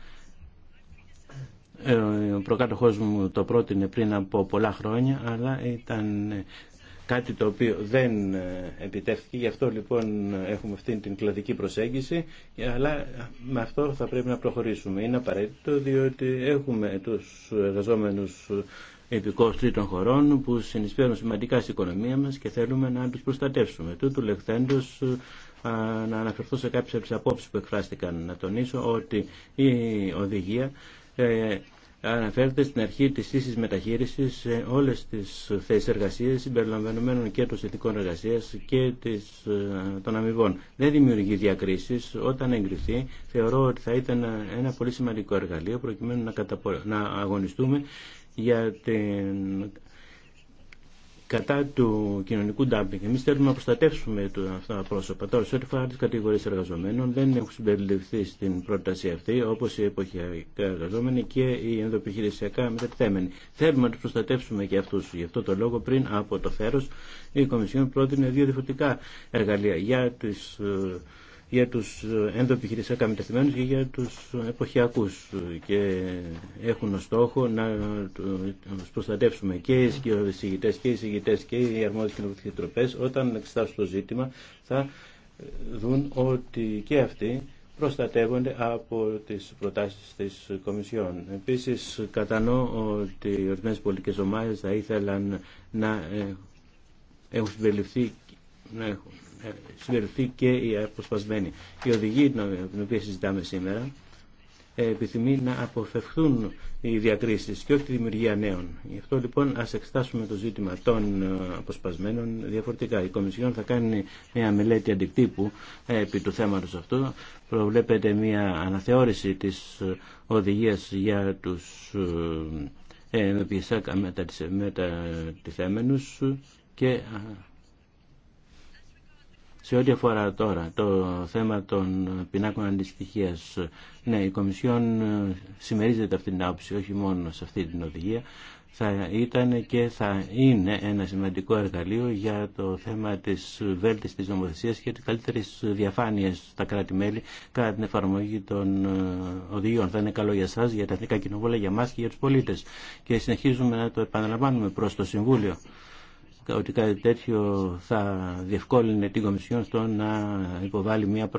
Ε, ο προκάτοχός μου το πρότεινε πριν από πολλά χρόνια, αλλά ήταν κάτι το οποίο δεν ε, επιτεύχθηκε. Γι' αυτό λοιπόν έχουμε αυτή την κλαδική προσέγγιση, αλλά με αυτό θα πρέπει να προχωρήσουμε. Είναι απαραίτητο διότι έχουμε τους εργαζόμενους επικός τρίτων χωρών που συνεισφέρουν σημαντικά στην οικονομία μας και θέλουμε να τους προστατεύσουμε. Τούτου λεχθέντος να αναφερθώ σε κάποιες από τις απόψεις που εκφράστηκαν. Να τονίσω ότι η οδηγία ε, αναφέρεται στην αρχή της ίση μεταχείρισης σε όλες τις θέσεις εργασίας συμπεριλαμβανομένων και των συνθηκών εργασίας και της, ε, των αμοιβών. Δεν δημιουργεί διακρίσεις. Όταν εγκριθεί θεωρώ ότι θα ήταν ένα πολύ σημαντικό εργαλείο προκειμένου να, να αγωνιστούμε για την κατά του κοινωνικού ντάμπινγκ. Εμεί θέλουμε να προστατεύσουμε αυτά τα πρόσωπα. Τώρα, σε ό,τι αφορά τι κατηγορίε εργαζομένων, δεν έχουν συμπεριληφθεί στην πρόταση αυτή, όπω οι εποχιακά εργαζόμενοι και οι ενδοπιχειρησιακά μετεκτέμενοι. Θέλουμε να του προστατεύσουμε και αυτού. Γι' αυτό το λόγο, πριν από το φέρο, η Κομισιόν πρότεινε δύο διαφορετικά εργαλεία για τις ε, για τους ενδοπιχειρησιακά μεταθυμένους και για τους εποχιακούς και έχουν ως στόχο να τους προστατεύσουμε και οι συγκητές και οι συγκητές και οι αρμόδιες κοινοβουλικές τροπές όταν εξετάσουν το ζήτημα θα δουν ότι και αυτοί προστατεύονται από τις προτάσεις της Κομισιόν. Επίσης κατανοώ ότι οι ορισμένε πολιτικές ομάδες θα ήθελαν να ε, έχουν συμπεριληφθεί να έχουν συμπεριφθεί και η αποσπασμένη. Η οδηγία την οποία συζητάμε σήμερα ε, επιθυμεί να αποφευχθούν οι διακρίσεις και όχι τη δημιουργία νέων. Γι' αυτό λοιπόν ας εξετάσουμε το ζήτημα των ε, αποσπασμένων διαφορετικά. Η Κομισιόν θα κάνει μια μελέτη αντικτύπου ε, επί του θέματος αυτού. Προβλέπεται μια αναθεώρηση της οδηγίας για τους μετατιθέμενους και σε ό,τι αφορά τώρα το θέμα των πινάκων αντιστοιχία, ναι, η Κομισιόν ε, συμμερίζεται αυτή την άποψη, όχι μόνο σε αυτή την οδηγία, θα ήταν και θα είναι ένα σημαντικό εργαλείο για το θέμα της βέλτιστης νομοθεσίας και τη καλύτερη διαφάνεια στα κράτη-μέλη κατά την εφαρμογή των ε, οδηγιών. Θα είναι καλό για εσά, για τα εθνικά κοινοβούλια, για εμά και για του πολίτε. Και συνεχίζουμε να το επαναλαμβάνουμε προ το Συμβούλιο ότι κάτι τέτοιο θα διευκόλυνε την Κομισιόν στο να υποβάλει μια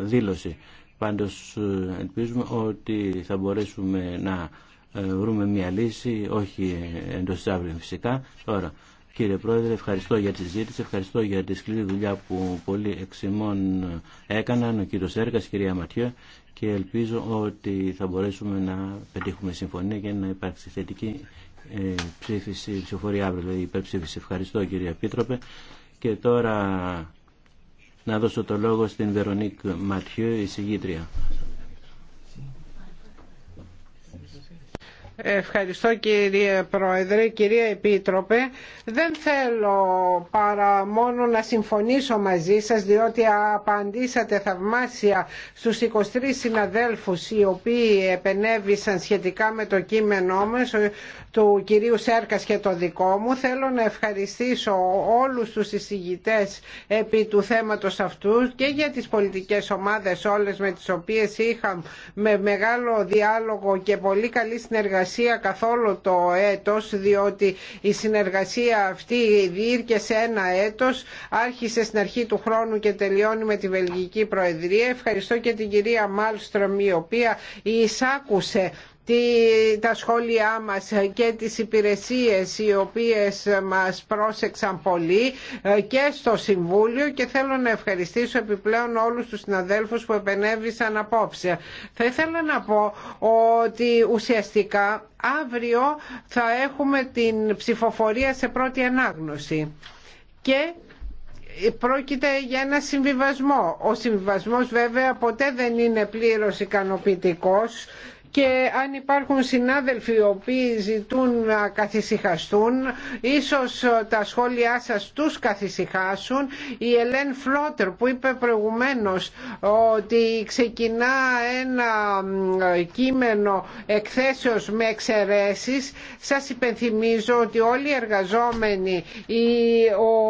δήλωση. Πάντως ε, ελπίζουμε ότι θα μπορέσουμε να ε, βρούμε μια λύση, όχι εντός της αύριο φυσικά. Τώρα, κύριε Πρόεδρε, ευχαριστώ για τη συζήτηση, ευχαριστώ για τη σκληρή δουλειά που πολλοί εξημών έκαναν, ο κύριος Έργας, κυρία Ματιώ και ελπίζω ότι θα μπορέσουμε να πετύχουμε συμφωνία και να υπάρξει θετική ε, ψήφιση, ψηφοφορία αύριο, η υπερψήφιση. Ευχαριστώ κύριε Επίτροπε. Και τώρα να δώσω το λόγο στην Βερονίκ Ματιού, η Ευχαριστώ κύριε Πρόεδρε, κυρία Επίτροπε. Δεν θέλω παρά μόνο να συμφωνήσω μαζί σας διότι απαντήσατε θαυμάσια στους 23 συναδέλφους οι οποίοι επενέβησαν σχετικά με το κείμενό μας του κυρίου Σέρκας και το δικό μου. Θέλω να ευχαριστήσω όλους τους εισηγητές επί του θέματος αυτού και για τις πολιτικές ομάδες όλες με τις οποίες είχαμε με μεγάλο διάλογο και πολύ καλή συνεργασία συνεργασία καθόλου το έτος διότι η συνεργασία αυτή σε ένα έτος άρχισε στην αρχή του χρόνου και τελειώνει με τη Βελγική Προεδρία ευχαριστώ και την κυρία Μάλστρομ η οποία εισάκουσε τα σχόλιά μας και τις υπηρεσίες οι οποίες μας πρόσεξαν πολύ ε, και στο Συμβούλιο και θέλω να ευχαριστήσω επιπλέον όλους τους συναδέλφους που επενέβησαν απόψε. Θα ήθελα να πω ότι ουσιαστικά αύριο θα έχουμε την ψηφοφορία σε πρώτη ανάγνωση και πρόκειται για ένα συμβιβασμό. Ο συμβιβασμός βέβαια ποτέ δεν είναι πλήρως ικανοποιητικός και αν υπάρχουν συνάδελφοι οι οποίοι ζητούν να καθησυχαστούν ίσως τα σχόλιά σας τους καθησυχάσουν η Ελέν Φλότερ που είπε προηγουμένως ότι ξεκινά ένα κείμενο εκθέσεως με εξαιρέσεις σας υπενθυμίζω ότι όλοι οι εργαζόμενοι οι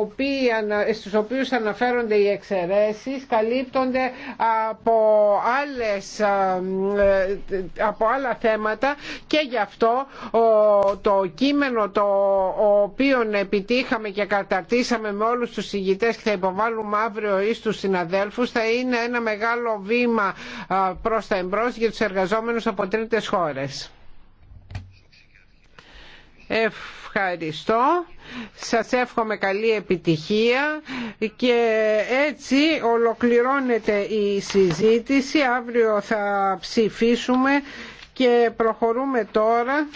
οποίοι, στους οποίους αναφέρονται οι εξαιρέσεις καλύπτονται από άλλες ε, από άλλα θέματα και γι' αυτό το κείμενο το οποίο επιτύχαμε και καταρτήσαμε με όλους τους ηγητές και θα υποβάλουμε αύριο ή στους συναδέλφους θα είναι ένα μεγάλο βήμα προς τα εμπρός για τους εργαζόμενους από τρίτες χώρες ευχαριστώ. Σας εύχομαι καλή επιτυχία και έτσι ολοκληρώνεται η συζήτηση. Αύριο θα ψηφίσουμε και προχωρούμε τώρα